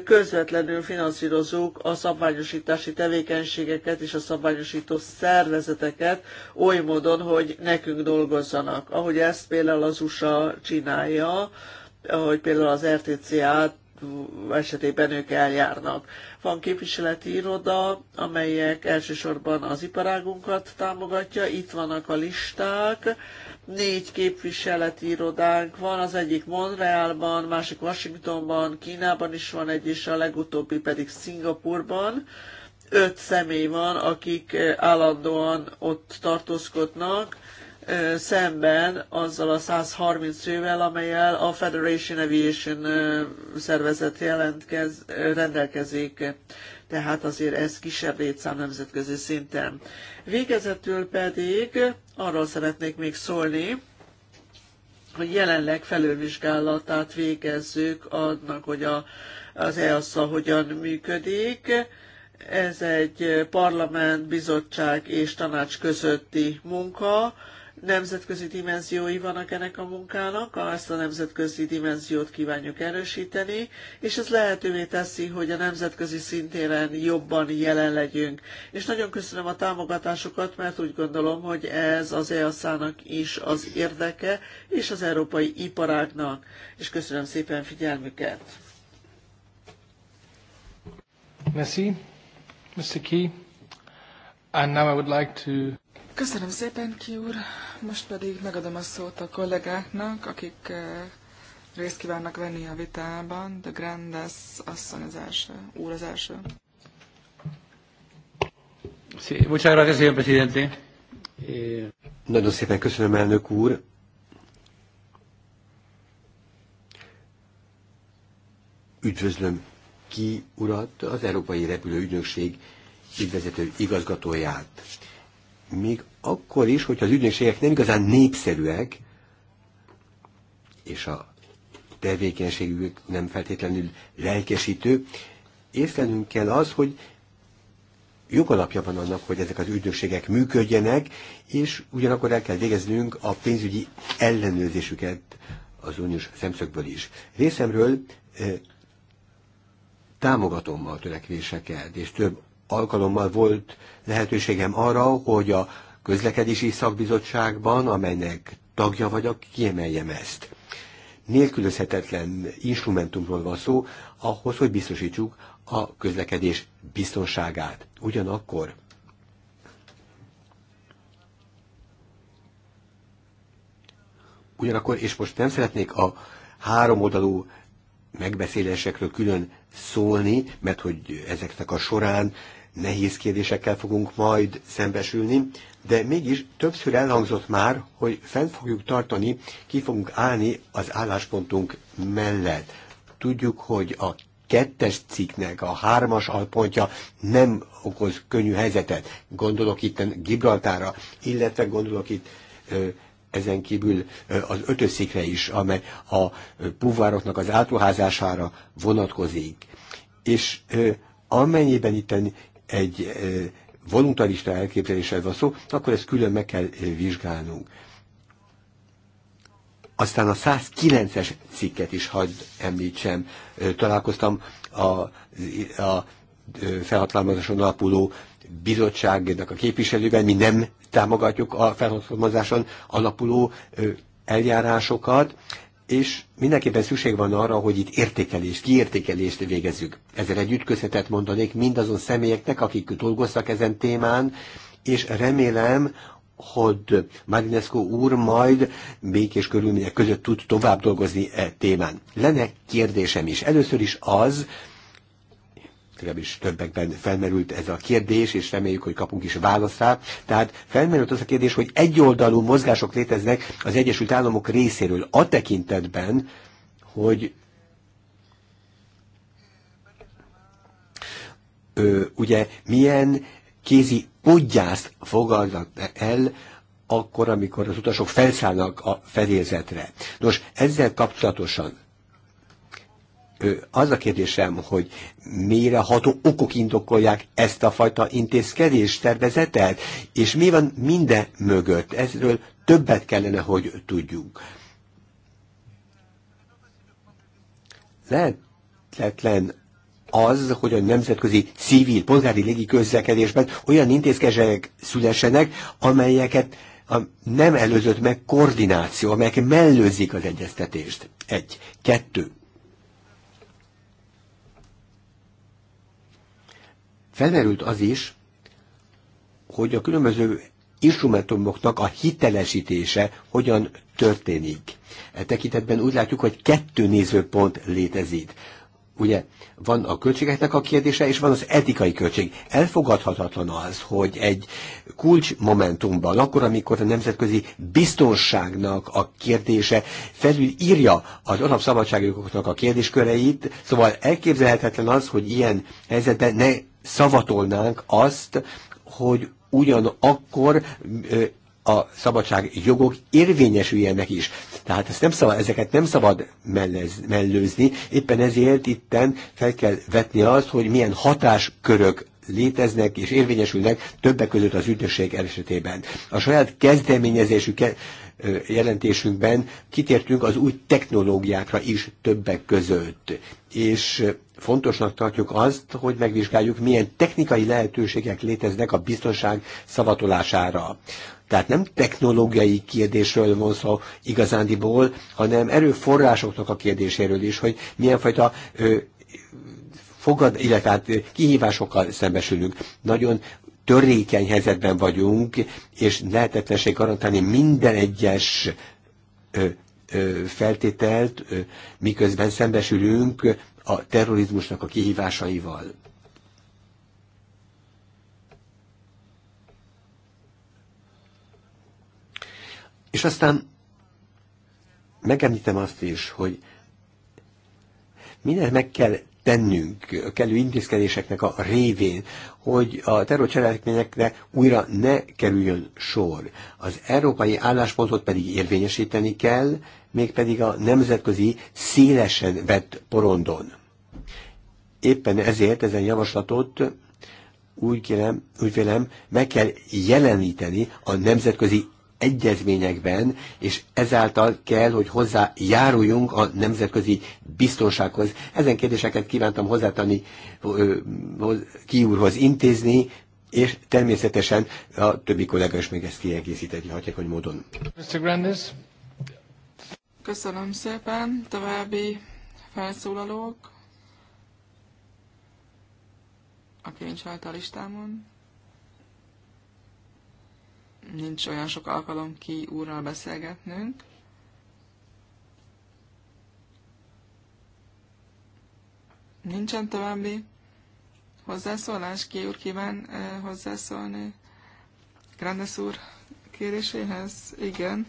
közvetlenül finanszírozzuk a szabványosítási tevékenységeket és a szabványosító szervezeteket oly módon, hogy nekünk dolgozzanak. Ahogy ezt például az USA csinálja, ahogy például az RTCA esetében ők eljárnak. Van képviseleti iroda, amelyek elsősorban az iparágunkat támogatja, itt vannak a listák, négy képviseleti irodánk van, az egyik Montrealban, másik Washingtonban, Kínában is van egy, és a legutóbbi pedig Szingapurban öt személy van, akik eh, állandóan ott tartózkodnak, szemben azzal a 130-vel, amelyel a Federation Aviation szervezet jelentkez, rendelkezik. Tehát azért ez kisebb létszám nemzetközi szinten. Végezetül pedig arról szeretnék még szólni, hogy jelenleg felülvizsgálatát végezzük annak, hogy a, az EASZA hogyan működik. Ez egy parlament, bizottság és tanács közötti munka, nemzetközi dimenziói vannak ennek a munkának, ezt a nemzetközi dimenziót kívánjuk erősíteni, és ez lehetővé teszi, hogy a nemzetközi szintéren jobban jelen legyünk. És nagyon köszönöm a támogatásokat, mert úgy gondolom, hogy ez az EASZ-nak is az érdeke, és az európai iparágnak. És köszönöm szépen figyelmüket! Merci, Mr. Key. And now I would like to Köszönöm szépen, Ki úr. Most pedig megadom a szót a kollégáknak, akik eh, részt kívánnak venni a vitában. De Grandes asszony az első, úr az első. Sí, muchas gracias, señor presidente. Eh, Nagyon szépen köszönöm, elnök úr. Üdvözlöm ki urat, az Európai Repülőügynökség ügyvezető igazgatóját még akkor is, hogyha az ügynökségek nem igazán népszerűek, és a tevékenységük nem feltétlenül lelkesítő, észlenünk kell az, hogy jogalapja van annak, hogy ezek az ügynökségek működjenek, és ugyanakkor el kell végeznünk a pénzügyi ellenőrzésüket az uniós szemszögből is. Részemről eh, támogatom a törekvéseket, és több alkalommal volt lehetőségem arra, hogy a közlekedési szakbizottságban, amelynek tagja vagyok, kiemeljem ezt. Nélkülözhetetlen instrumentumról van szó, ahhoz, hogy biztosítsuk a közlekedés biztonságát. Ugyanakkor ugyanakkor, és most nem szeretnék a három oldalú megbeszélésekről külön szólni, mert hogy ezeknek a során nehéz kérdésekkel fogunk majd szembesülni, de mégis többször elhangzott már, hogy fent fogjuk tartani, ki fogunk állni az álláspontunk mellett. Tudjuk, hogy a kettes cikknek a hármas alpontja nem okoz könnyű helyzetet. Gondolok itt Gibraltára, illetve gondolok itt ezen kívül az ötöszikre is, amely a puvároknak az átruházására vonatkozik. És amennyiben itt egy voluntarista elképzeléssel van szó, akkor ezt külön meg kell vizsgálnunk. Aztán a 109-es cikket is hagyd említsem. Találkoztam a, a felhatalmazáson alapuló bizottságnak a képviselővel, mi nem támogatjuk a felhatalmazáson alapuló eljárásokat, és mindenképpen szükség van arra, hogy itt értékelést, kiértékelést végezzük. Ezzel egy köszönetet mondanék mindazon személyeknek, akik dolgoztak ezen témán, és remélem, hogy Marinescu úr majd békés körülmények között tud tovább dolgozni e témán. Lenne kérdésem is. Először is az, legalábbis többekben felmerült ez a kérdés, és reméljük, hogy kapunk is választ rá. Tehát felmerült az a kérdés, hogy egyoldalú mozgások léteznek az Egyesült Államok részéről a tekintetben, hogy ö, ugye milyen kézi podgyászt fogadnak el akkor, amikor az utasok felszállnak a fedélzetre. Nos, ezzel kapcsolatosan az a kérdésem, hogy mire ható okok indokolják ezt a fajta intézkedés tervezetet, és mi van minden mögött? Ezről többet kellene, hogy tudjunk. Lehetetlen az, hogy a nemzetközi civil, polgári légiközlekedésben olyan intézkedések szülessenek, amelyeket a nem előzött meg koordináció, amelyek mellőzik az egyeztetést. Egy. Kettő felmerült az is, hogy a különböző instrumentumoknak a hitelesítése hogyan történik. E tekintetben úgy látjuk, hogy kettő nézőpont létezik. Ugye van a költségeknek a kérdése, és van az etikai költség. Elfogadhatatlan az, hogy egy kulcsmomentumban, akkor, amikor a nemzetközi biztonságnak a kérdése felülírja az alapszabadságoknak a kérdésköreit, szóval elképzelhetetlen az, hogy ilyen helyzetben ne szavatolnánk azt, hogy ugyanakkor a szabadság jogok érvényesüljenek is. Tehát ezt nem szabad, ezeket nem szabad mellez, mellőzni, éppen ezért itten fel kell vetni azt, hogy milyen hatáskörök léteznek és érvényesülnek többek között az ügynökség esetében. A saját kezdeményezésük jelentésünkben kitértünk az új technológiákra is többek között. És fontosnak tartjuk azt, hogy megvizsgáljuk, milyen technikai lehetőségek léteznek a biztonság szavatolására. Tehát nem technológiai kérdésről van szó igazándiból, hanem erőforrásoknak a kérdéséről is, hogy milyen fajta ö, fogad, illetve hát kihívásokkal szembesülünk. Nagyon törékeny helyzetben vagyunk, és lehetetlenség garantálni minden egyes ö, feltételt, miközben szembesülünk a terrorizmusnak a kihívásaival. És aztán megemlítem azt is, hogy mindent meg kell tennünk a kellő intézkedéseknek a révén, hogy a terrorcselekményekre újra ne kerüljön sor. Az európai álláspontot pedig érvényesíteni kell, mégpedig a nemzetközi szélesen vett porondon. Éppen ezért ezen javaslatot úgy, kérem, úgy vélem, meg kell jeleníteni a nemzetközi egyezményekben, és ezáltal kell, hogy hozzájáruljunk a nemzetközi biztonsághoz. Ezen kérdéseket kívántam hozzátenni kiúrhoz intézni, és természetesen a többi kollega is még ezt kiegészíteni hatékony módon. Mr. Grandes? Köszönöm szépen. További felszólalók. a nincs a listámon. Nincs olyan sok alkalom ki úrral beszélgetnünk. Nincsen további hozzászólás. Ki úr kíván eh, hozzászólni? Grandes úr kéréséhez? Igen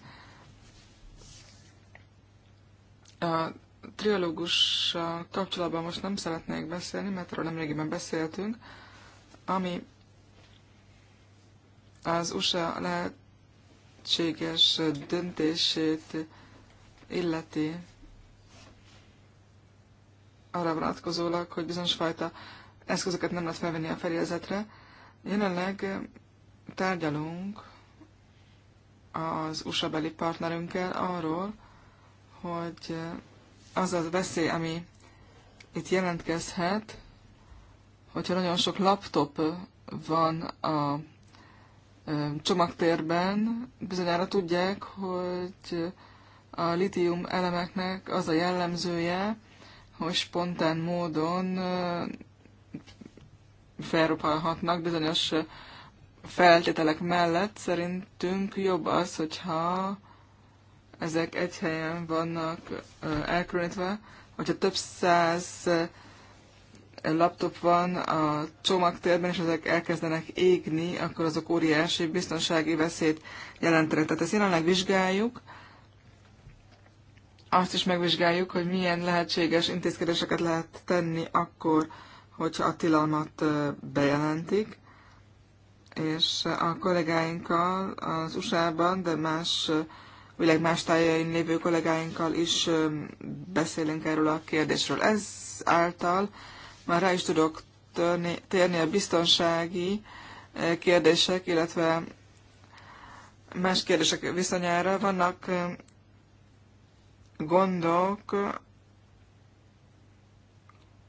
a triológus kapcsolatban most nem szeretnék beszélni, mert arról nemrégiben beszéltünk, ami az USA lehetséges döntését illeti arra vonatkozólag, hogy bizonyos fajta eszközöket nem lehet felvenni a fedélzetre. Jelenleg tárgyalunk az USA beli partnerünkkel arról, hogy az a veszély, ami itt jelentkezhet, hogyha nagyon sok laptop van a csomagtérben, bizonyára tudják, hogy a litium elemeknek az a jellemzője, hogy spontán módon felropalhatnak bizonyos feltételek mellett. Szerintünk jobb az, hogyha ezek egy helyen vannak elkülönítve. Hogyha több száz laptop van a csomagtérben, és ezek elkezdenek égni, akkor azok óriási biztonsági veszélyt jelentenek. Tehát ezt jelenleg vizsgáljuk, azt is megvizsgáljuk, hogy milyen lehetséges intézkedéseket lehet tenni akkor, hogyha a tilalmat bejelentik, és a kollégáinkkal az USA-ban, de más világ más tájain lévő kollégáinkkal is beszélünk erről a kérdésről. Ez által már rá is tudok törni, térni a biztonsági kérdések, illetve más kérdések viszonyára. Vannak gondok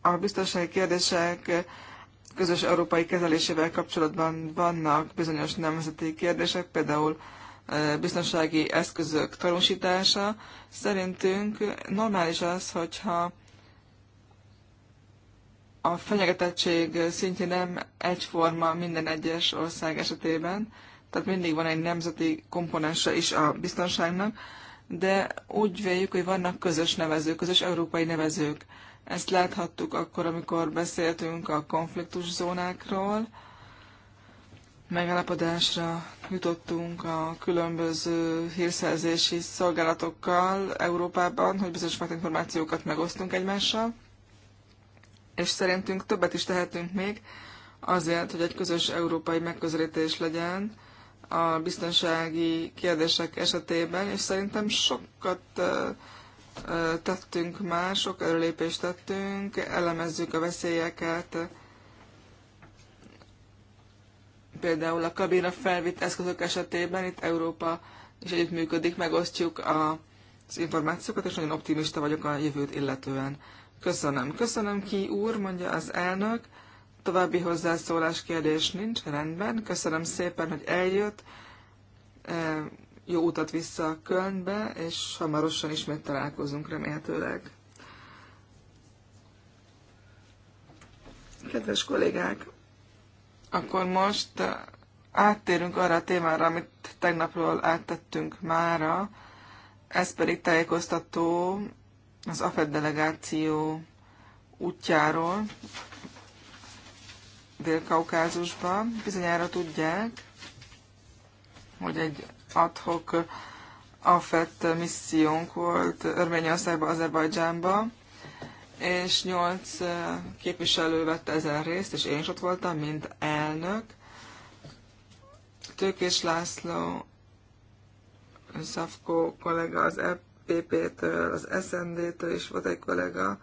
a biztonsági kérdések közös európai kezelésével kapcsolatban vannak bizonyos nemzeti kérdések, például biztonsági eszközök tanúsítása. Szerintünk normális az, hogyha a fenyegetettség szintje nem egyforma minden egyes ország esetében, tehát mindig van egy nemzeti komponense is a biztonságnak, de úgy véljük, hogy vannak közös nevezők, közös európai nevezők. Ezt láthattuk akkor, amikor beszéltünk a konfliktuszónákról, megállapodásra jutottunk a különböző hírszerzési szolgálatokkal Európában, hogy bizonyos fajta információkat megosztunk egymással, és szerintünk többet is tehetünk még azért, hogy egy közös európai megközelítés legyen a biztonsági kérdések esetében, és szerintem sokat tettünk már, sok előlépést tettünk, elemezzük a veszélyeket, például a kabina felvitt eszközök esetében itt Európa is együttműködik, megosztjuk a, az információkat, és nagyon optimista vagyok a jövőt illetően. Köszönöm. Köszönöm ki úr, mondja az elnök. További hozzászólás kérdés nincs, rendben. Köszönöm szépen, hogy eljött. E, jó utat vissza a Kölnbe, és hamarosan ismét találkozunk remélhetőleg. Kedves kollégák! Akkor most uh, áttérünk arra a témára, amit tegnapról áttettünk mára, ez pedig tájékoztató az AFED delegáció útjáról Dél-Kaukázusban. Bizonyára tudják, hogy egy adhok AFET missziónk volt Örményországban, Azerbajdzsánban és nyolc képviselő vett ezen részt, és én is ott voltam, mint elnök. Tőkés László, Szafkó kollega az EPP-től, az SND-től is volt egy kollega,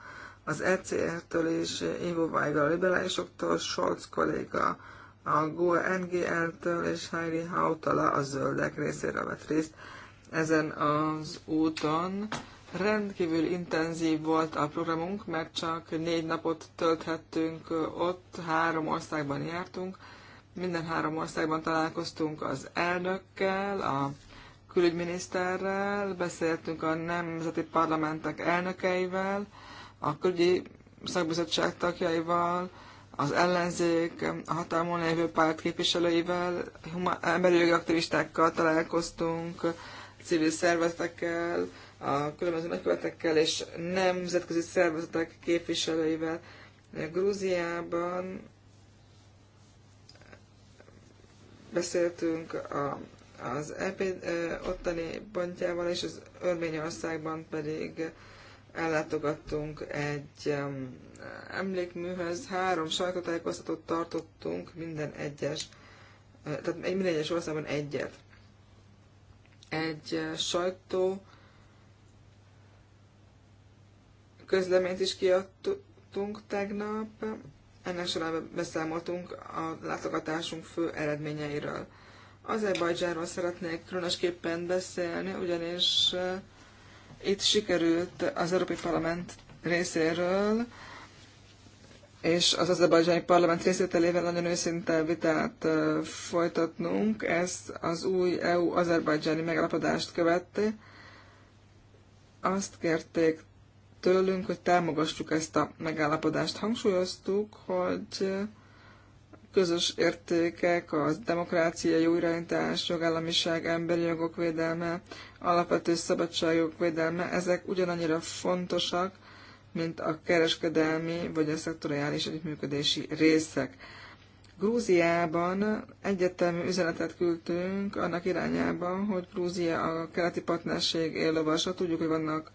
az ECR-től is, Ivo Weigel, liberálisoktól, Scholz kolléga, a GUA e NGL-től és Heidi Hautala a zöldek részére vett részt ezen az úton. Rendkívül intenzív volt a programunk, mert csak négy napot tölthettünk ott, három országban jártunk. Minden három országban találkoztunk az elnökkel, a külügyminiszterrel, beszéltünk a nemzeti parlamentek elnökeivel, a külügyi szakbizottság tagjaival, az ellenzék, a hatalmon lévő párt képviselőivel, emberi jogi aktivistákkal találkoztunk, civil szervezetekkel, a különböző nagykövetekkel és nemzetközi szervezetek képviselőivel Grúziában. Beszéltünk a, az EP ottani pontjával, és az Örményországban pedig ellátogattunk egy emlékműhöz. Három sajtótájékoztatót tartottunk minden egyes, tehát minden egyes országban egyet. Egy sajtó közleményt is kiadtunk tegnap. Ennek során beszámoltunk a látogatásunk fő eredményeiről. Azerbajdzsánról szeretnék különösképpen beszélni, ugyanis eh, itt sikerült az Európai Parlament részéről és az azerbajdzsáni parlament részételével nagyon őszinte vitát eh, folytatnunk. Ez az új EU-azerbajdzsáni megalapodást követte. Azt kérték tőlünk, hogy támogassuk ezt a megállapodást. Hangsúlyoztuk, hogy közös értékek, a demokrácia, jó irányítás, jogállamiság, emberi jogok védelme, alapvető szabadságok védelme, ezek ugyanannyira fontosak, mint a kereskedelmi vagy a szektoriális együttműködési részek. Grúziában egyetemű üzenetet küldtünk annak irányában, hogy Grúzia a keleti partnerség éllovasa. Tudjuk, hogy vannak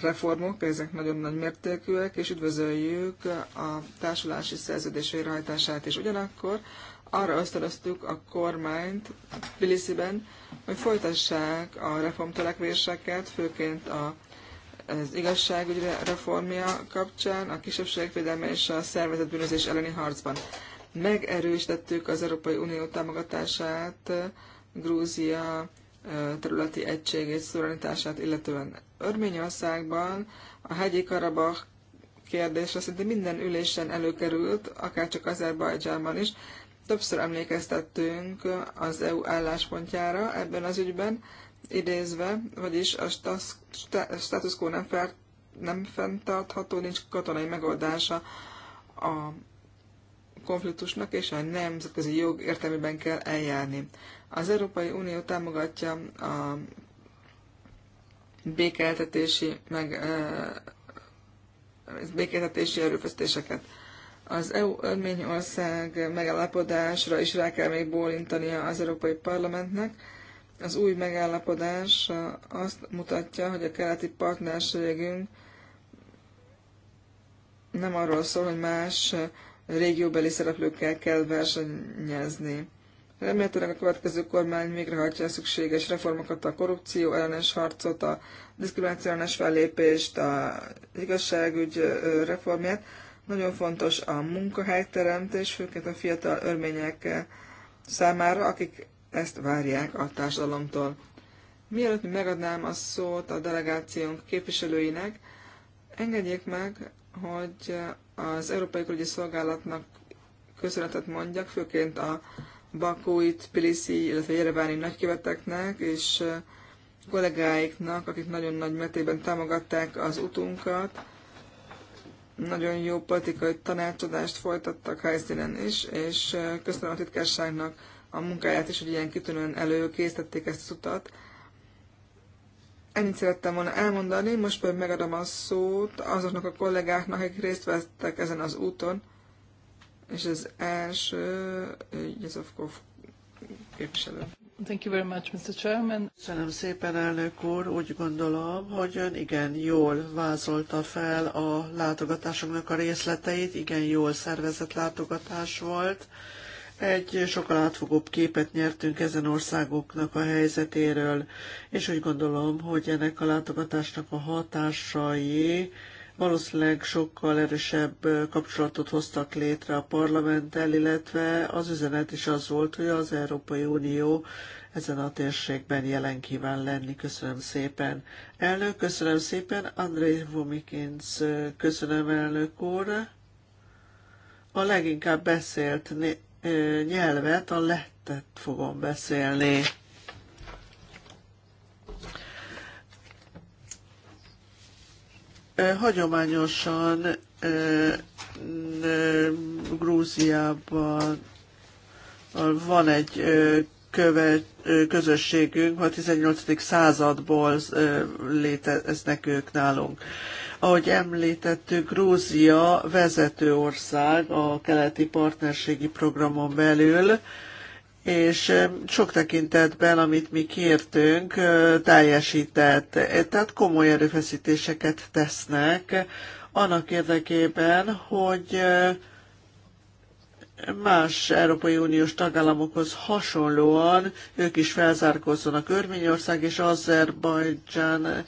reformok, ezek nagyon nagy mértékűek, és üdvözöljük a társulási szerződés végrehajtását is. Ugyanakkor arra ösztönöztük a kormányt Tbilisiben, hogy folytassák a reformtörekvéseket, főként a, az igazságügyi reformja kapcsán, a kisebbségvédelme és a szervezetbűnözés elleni harcban. Megerősítettük az Európai Unió támogatását Grúzia területi egységét, szuverenitását illetően Örményországban a hegyi Karabach kérdésre szinte minden ülésen előkerült, akár csak Azerbajdzsánban is. Többször emlékeztettünk az EU álláspontjára ebben az ügyben, idézve, vagyis a status quo nem, fel, nem fenntartható, nincs katonai megoldása a konfliktusnak, és a nemzetközi jog értelmében kell eljárni. Az Európai Unió támogatja a békeltetési, meg békeltetési erőfeszítéseket. Az EU Örményország megállapodásra is rá kell még bólintania az Európai Parlamentnek. Az új megállapodás azt mutatja, hogy a keleti partnerségünk nem arról szól, hogy más régióbeli szereplőkkel kell versenyezni. Remélhetőleg a következő kormány végrehajtja a szükséges reformokat, a korrupció ellenes harcot, a diszkrimináció ellenes fellépést, a igazságügy reformját. Nagyon fontos a munkahelyteremtés, főként a fiatal örmények számára, akik ezt várják a társadalomtól. Mielőtt mi megadnám a szót a delegációnk képviselőinek, engedjék meg, hogy az Európai Külügyi Szolgálatnak köszönetet mondjak, főként a Bakói, Tbilisi, illetve Jereváni nagyköveteknek és kollégáiknak, akik nagyon nagy mértékben támogatták az utunkat. Nagyon jó politikai tanácsadást folytattak helyszínen is, és köszönöm a titkárságnak a munkáját is, hogy ilyen kitűnően előkészítették ezt az utat. Ennyit szerettem volna elmondani, most pedig megadom a szót azoknak a kollégáknak, akik részt vettek ezen az úton és az első Jezovkov képviselő. Thank you very much, Mr. Chairman. Köszönöm szépen, elnök úr. Úgy gondolom, hogy ön igen jól vázolta fel a látogatásoknak a részleteit, igen jól szervezett látogatás volt. Egy sokkal átfogóbb képet nyertünk ezen országoknak a helyzetéről, és úgy gondolom, hogy ennek a látogatásnak a hatásai valószínűleg sokkal erősebb kapcsolatot hoztak létre a parlamenttel, illetve az üzenet is az volt, hogy az Európai Unió ezen a térségben jelen kíván lenni. Köszönöm szépen. Elnök, köszönöm szépen. Andrei Vomikins, köszönöm elnök úr. A leginkább beszélt nyelvet, a lettet fogom beszélni. hagyományosan Grúziában van egy követ, közösségünk, a 18. századból léteznek ők nálunk. Ahogy említettük, Grúzia vezető ország a keleti partnerségi programon belül, és sok tekintetben, amit mi kértünk, teljesített. Tehát komoly erőfeszítéseket tesznek annak érdekében, hogy más Európai Uniós tagállamokhoz hasonlóan ők is felzárkózzanak. Örményország és Azerbajdzsán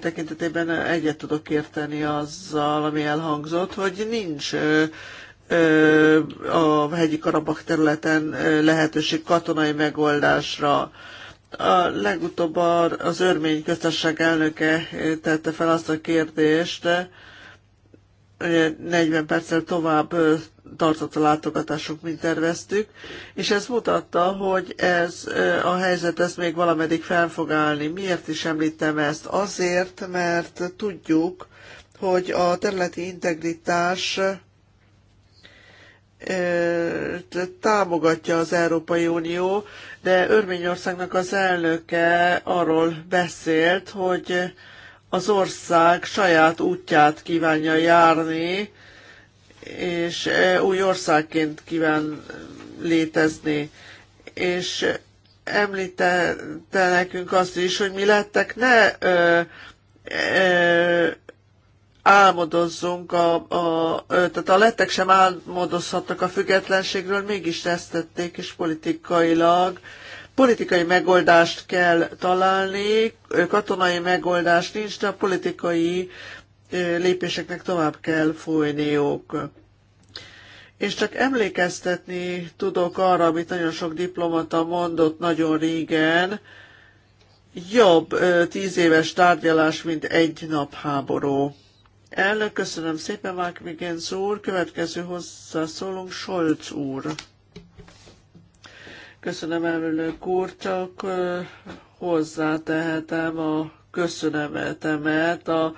tekintetében egyet tudok érteni azzal, ami elhangzott, hogy nincs a hegyi Karabak területen lehetőség katonai megoldásra. A legutóbb az örmény köztesség elnöke tette fel azt a kérdést, 40 perccel tovább tartott a látogatásunk, mint terveztük, és ez mutatta, hogy ez a helyzet ez még valameddig fel fog állni. Miért is említem ezt? Azért, mert tudjuk, hogy a területi integritás támogatja az Európai Unió, de Örményországnak az elnöke arról beszélt, hogy az ország saját útját kívánja járni, és új országként kíván létezni. És említette nekünk azt is, hogy mi lettek ne ö, ö, álmodozzunk, a, a, tehát a lettek sem álmodozhattak a függetlenségről, mégis ezt tették, és politikailag politikai megoldást kell találni, katonai megoldást nincs, de a politikai lépéseknek tovább kell folyniuk. És csak emlékeztetni tudok arra, amit nagyon sok diplomata mondott nagyon régen, jobb tíz éves tárgyalás, mint egy nap háború. Elnök, köszönöm szépen, Mark Migenz úr. Következő hozzászólunk, Scholz úr. Köszönöm, elnök úr, csak hozzátehetem a köszönetemet a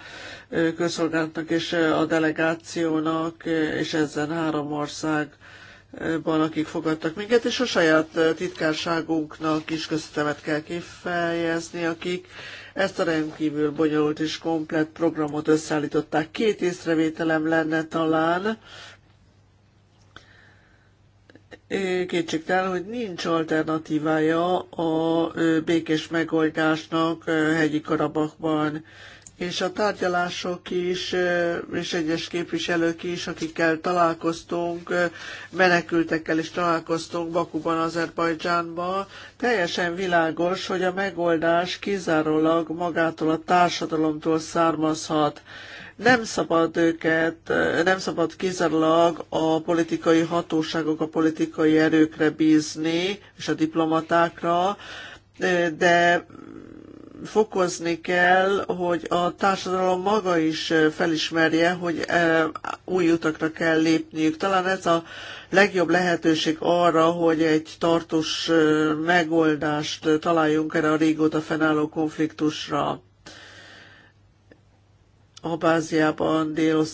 közszolgálatnak és a delegációnak, és ezen három országban, akik fogadtak minket, és a saját titkárságunknak is köszönetemet kell kifejezni, akik ezt a rendkívül bonyolult és komplett programot összeállították. Két észrevételem lenne talán, kétségtelen, hogy nincs alternatívája a békés megoldásnak hegyi Karabakban és a tárgyalások is, és egyes képviselők is, akikkel találkoztunk, menekültekkel is találkoztunk Bakuban, Azerbajdzsánban, teljesen világos, hogy a megoldás kizárólag magától a társadalomtól származhat. Nem szabad őket, nem szabad kizárólag a politikai hatóságok, a politikai erőkre bízni, és a diplomatákra, de fokozni kell, hogy a társadalom maga is felismerje, hogy új utakra kell lépniük. Talán ez a legjobb lehetőség arra, hogy egy tartós megoldást találjunk erre a régóta fennálló konfliktusra. Abáziában, dél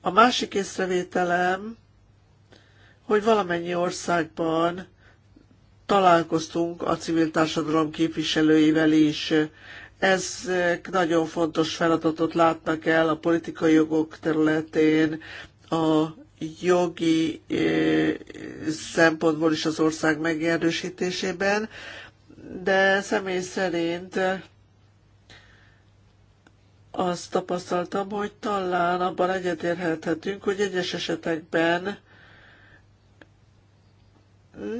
A másik észrevételem, hogy valamennyi országban találkoztunk a civil társadalom képviselőivel is. Ez nagyon fontos feladatot látnak el a politikai jogok területén, a jogi eh, szempontból is az ország megerősítésében, de személy szerint azt tapasztaltam, hogy talán abban egyetérhethetünk, hogy egyes esetekben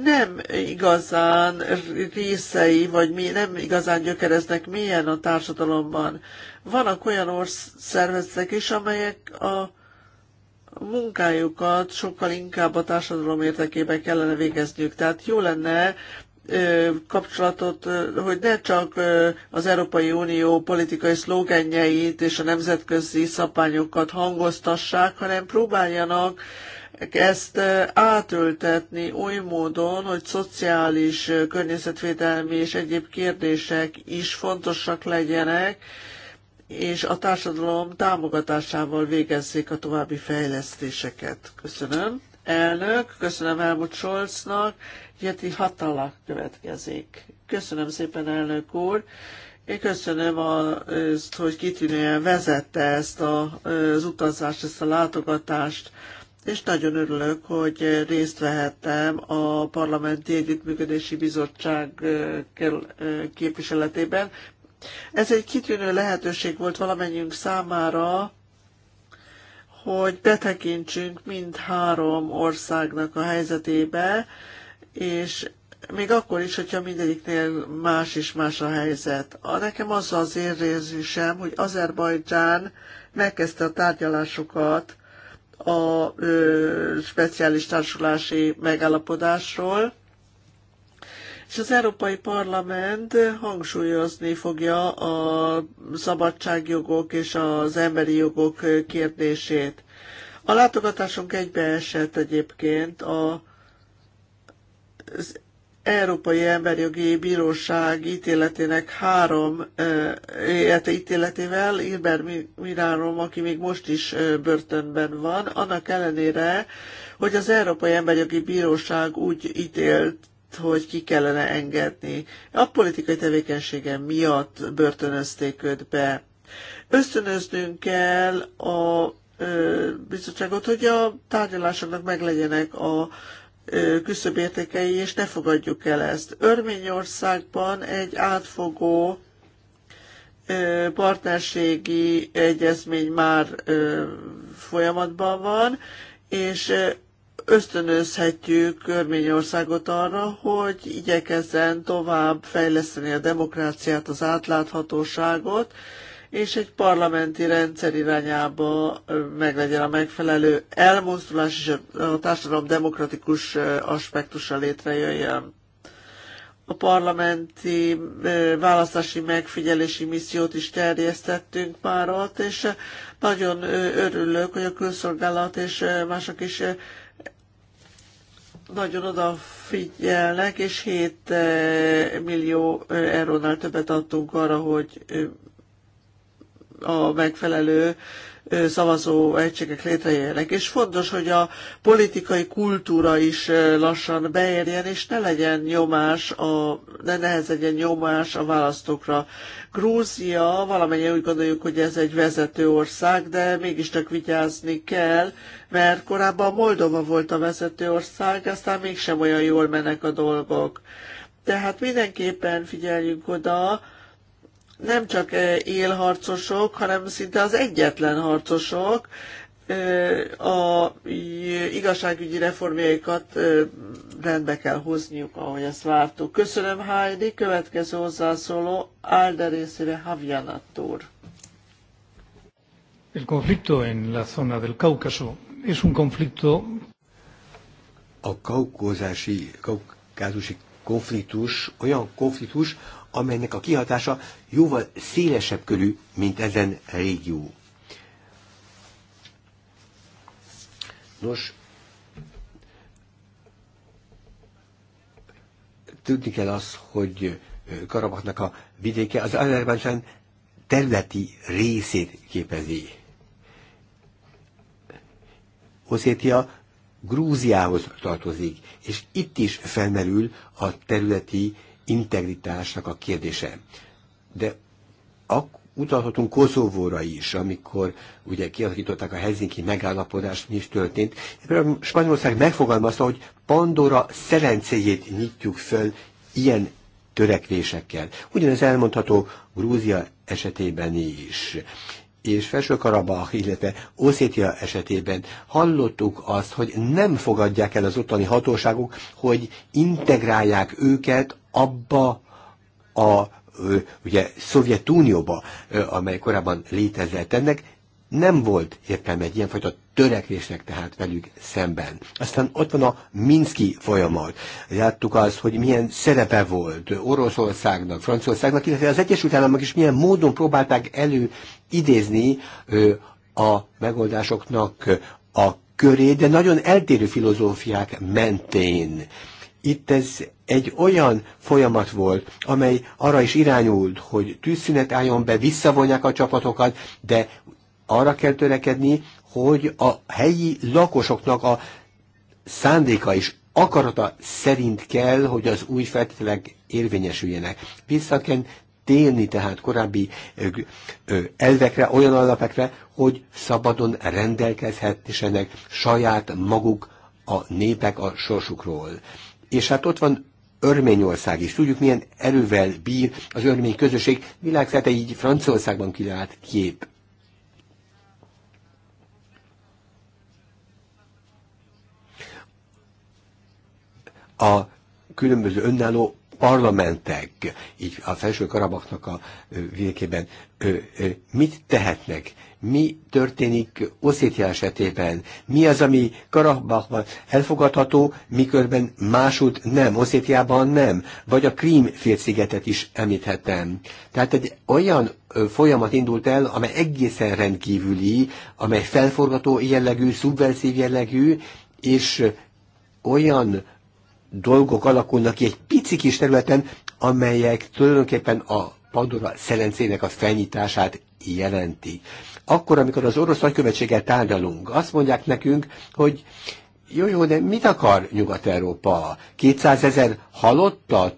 nem igazán részei, vagy mi nem igazán gyökereznek milyen a társadalomban. Vannak olyan szervezetek is, amelyek a munkájukat sokkal inkább a társadalom érdekében kellene végezniük. Tehát jó lenne kapcsolatot, hogy ne csak az Európai Unió politikai szlogenjeit és a nemzetközi szapányokat hangoztassák, hanem próbáljanak ezt eh, átültetni oly módon, hogy szociális, eh, környezetvédelmi és egyéb kérdések is fontosak legyenek, és a társadalom támogatásával végezzék a további fejlesztéseket. Köszönöm. Elnök, köszönöm Elmut Scholznak, Jeti Hatala következik. Köszönöm szépen, elnök úr. Én köszönöm azt, hogy kitűnően vezette ezt az utazást, ezt a látogatást és nagyon örülök, hogy részt vehettem a Parlamenti Együttműködési Bizottság képviseletében. Ez egy kitűnő lehetőség volt valamennyiünk számára, hogy betekintsünk mind három országnak a helyzetébe, és még akkor is, hogyha mindegyiknél más és más a helyzet. A nekem az az érzésem, hogy Azerbajdzsán megkezdte a tárgyalásokat a ö, speciális társulási megállapodásról, és az Európai Parlament hangsúlyozni fogja a szabadságjogok és az emberi jogok kérdését. A látogatásunk egybeesett egyébként a, az Európai Emberjogi Bíróság ítéletének három élete ítéletével, Irber Mirárom, aki még most is börtönben van, annak ellenére, hogy az Európai Emberjogi Bíróság úgy ítélt, hogy ki kellene engedni. A politikai tevékenysége miatt börtönözték őt be. Ösztönöznünk kell a bizottságot, hogy a tárgyalásoknak meglegyenek a küszöbértékei, és ne fogadjuk el ezt. Örményországban egy átfogó partnerségi egyezmény már folyamatban van, és ösztönözhetjük Örményországot arra, hogy igyekezzen tovább fejleszteni a demokráciát, az átláthatóságot, és egy parlamenti rendszer irányába meglegyen a megfelelő elmozdulás és a társadalom demokratikus aspektusa létrejöjjön. A parlamenti választási megfigyelési missziót is terjesztettünk már ott, és nagyon örülök, hogy a közszolgálat és mások is nagyon odafigyelnek, és 7 millió eurónál többet adtunk arra, hogy a megfelelő szavazó egységek létrejöjjenek. És fontos, hogy a politikai kultúra is lassan beérjen, és ne legyen nyomás, a, ne nehezedjen nyomás a választókra. Grúzia, valamennyien úgy gondoljuk, hogy ez egy vezető ország, de mégiscsak vigyázni kell, mert korábban Moldova volt a vezető ország, aztán mégsem olyan jól mennek a dolgok. Tehát mindenképpen figyeljünk oda, nem csak eh, élharcosok, hanem szinte az egyetlen harcosok, eh, a eh, igazságügyi reformjaikat rendbe kell hozniuk, ahogy ezt vártuk. Köszönöm, Heidi. Következő hozzászóló Alde részére Havjanat úr. El conflicto en la zona del Cáucaso es un conflicto... A kaukázusi konfliktus olyan konfliktus, amelynek a kihatása jóval szélesebb körű, mint ezen régió. Nos, tudni kell az, hogy Karabaknak a vidéke az Azerbajdzsán területi részét képezi. Oszétia Grúziához tartozik, és itt is felmerül a területi integritásnak a kérdése. De utalhatunk Koszovóra is, amikor ugye kialakították a Helsinki megállapodást, mi is történt. Spanyolország megfogalmazta, hogy Pandora szerencéjét nyitjuk föl ilyen törekvésekkel. Ugyanez elmondható Grúzia esetében is és Felső-Karabach, illetve Oszétia esetében hallottuk azt, hogy nem fogadják el az ottani hatóságok, hogy integrálják őket abba a ugye Szovjetunióba, amely korábban létezett. Ennek nem volt értelme egy ilyenfajta törekvésnek tehát velük szemben. Aztán ott van a Minszki folyamat. Láttuk azt, hogy milyen szerepe volt Oroszországnak, Franciaországnak, illetve az Egyesült Államok is milyen módon próbálták elő idézni a megoldásoknak a köré, de nagyon eltérő filozófiák mentén. Itt ez egy olyan folyamat volt, amely arra is irányult, hogy tűzszünet álljon be, visszavonják a csapatokat, de arra kell törekedni, hogy a helyi lakosoknak a szándéka is akarata szerint kell, hogy az új feltételek érvényesüljenek. Vissza kell télni tehát korábbi elvekre, olyan alapekre, hogy szabadon rendelkezhetnek saját maguk a népek a sorsukról. És hát ott van Örményország is. Tudjuk, milyen erővel bír az örmény közösség. Világszerte így Franciaországban kiállt kép a különböző önálló parlamentek, így a felső karabaknak a vilkében, mit tehetnek, mi történik Oszétia esetében, mi az, ami Karabachban elfogadható, miközben másút nem, Oszétiában nem, vagy a Krím félszigetet is említhetem. Tehát egy olyan folyamat indult el, amely egészen rendkívüli, amely felforgató jellegű, szubverszív jellegű, és olyan dolgok alakulnak ki egy pici kis területen, amelyek tulajdonképpen a Pandora szelencének a felnyitását jelenti. Akkor, amikor az orosz nagykövetséggel tárgyalunk, azt mondják nekünk, hogy jó, jó, de mit akar Nyugat-Európa? 200 ezer halottat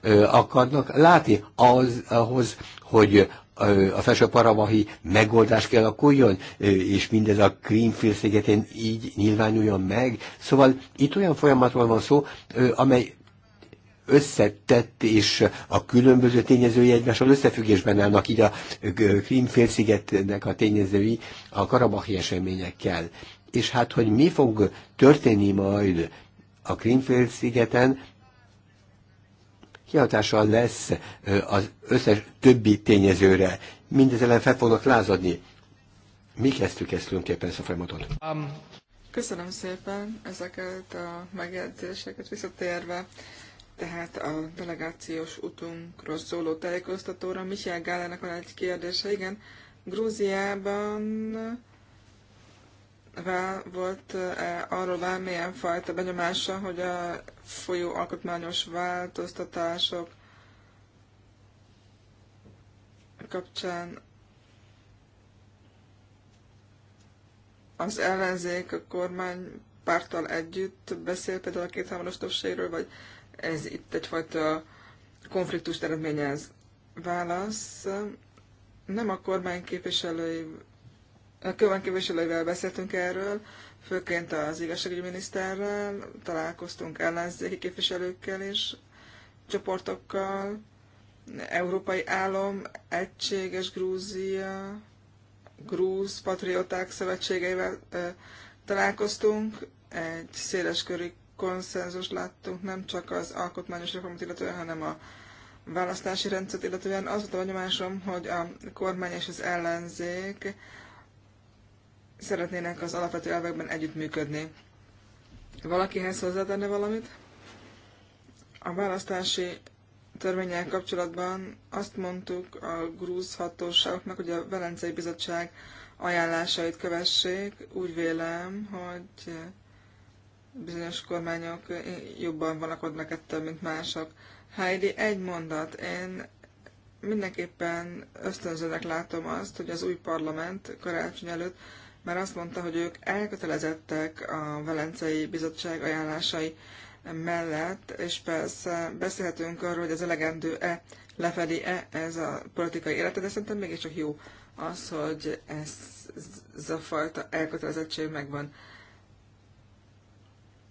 ö, akarnak látni az, ahhoz, hogy a felső paramahi megoldás kialakuljon, és mindez a Greenfield szigetén így nyilvánuljon meg. Szóval itt olyan folyamatról van szó, amely összetett és a különböző tényezői egymással összefüggésben állnak, így a Krímfélszigetnek a tényezői a karabahi eseményekkel. És hát, hogy mi fog történni majd a Krímfélszigeten, kihatással lesz az összes többi tényezőre. Mindez ellen fel fognak lázadni. Mi kezdtük ezt tulajdonképpen ezt a folyamatot? Um. Köszönöm szépen ezeket a megjegyzéseket visszatérve. Tehát a delegációs utunkról szóló tájékoztatóra Michel Gálának van egy kérdése. Igen, Grúziában rá volt -e arról bármilyen fajta benyomása, hogy a folyó alkotmányos változtatások kapcsán az ellenzék a kormány párttal együtt beszél például a kéthámoros többségről, vagy ez itt egyfajta konfliktus eredményez? Válasz. Nem a kormány képviselői Köven képviselővel beszéltünk erről, főként az igazságügyi miniszterrel, találkoztunk ellenzéki képviselőkkel és csoportokkal, Európai Állam, Egységes Grúzia, Grúz Patrióták Szövetségeivel találkoztunk, egy széleskörű konszenzus láttunk, nem csak az alkotmányos reformot illetően, hanem a választási rendszert illetően. Az volt a nyomásom, hogy a kormány és az ellenzék szeretnének az alapvető elvekben együttműködni. Valakihez hozzátenne valamit? A választási törvényel kapcsolatban azt mondtuk a grúz hatóságoknak, hogy a Velencei Bizottság ajánlásait kövessék. Úgy vélem, hogy bizonyos kormányok jobban vanakodnak ettől, mint mások. Heidi, egy mondat. Én mindenképpen ösztönzőnek látom azt, hogy az új parlament karácsony előtt mert azt mondta, hogy ők elkötelezettek a Velencei Bizottság ajánlásai mellett, és persze beszélhetünk arról, hogy ez elegendő-e, lefedi-e ez a politikai életet, de szerintem mégiscsak jó az, hogy ez, ez a fajta elkötelezettség megvan.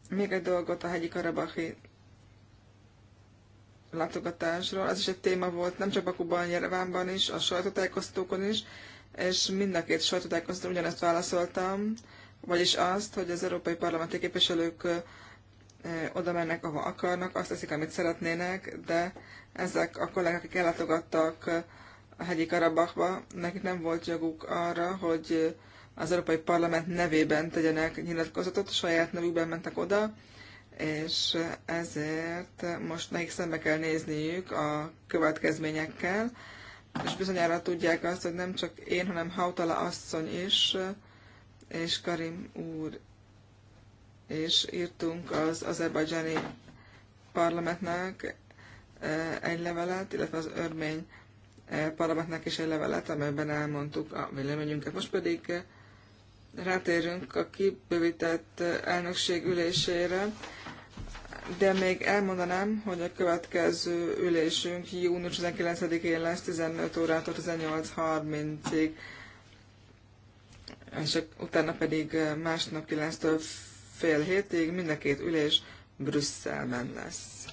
Még egy dolgot a hegyi karabahi látogatásról, az is egy téma volt, nem csak Bakuban, Jerevánban is, a sajtótájékoztatókon is, és mind a két sajtótájékoztató ugyanezt válaszoltam, vagyis azt, hogy az európai parlamenti képviselők oda mennek, ahova akarnak, azt teszik, amit szeretnének, de ezek a kollégák, akik ellátogattak a hegyi Karabachba, nekik nem volt joguk arra, hogy az Európai Parlament nevében tegyenek nyilatkozatot, saját nevükben mentek oda, és ezért most nekik szembe kell nézniük a következményekkel, és bizonyára tudják azt, hogy nem csak én, hanem Hautala asszony is, és Karim úr, és írtunk az azerbajdzsáni parlamentnek eh, egy levelet, illetve az örmény eh, parlamentnek is egy levelet, amelyben elmondtuk a véleményünket. Most pedig eh, rátérünk a kibővített elnökség ülésére de még elmondanám, hogy a következő ülésünk június 19-én lesz 15 órától 18.30-ig, és utána pedig másnap 9-től fél hétig mind a két ülés Brüsszelben lesz.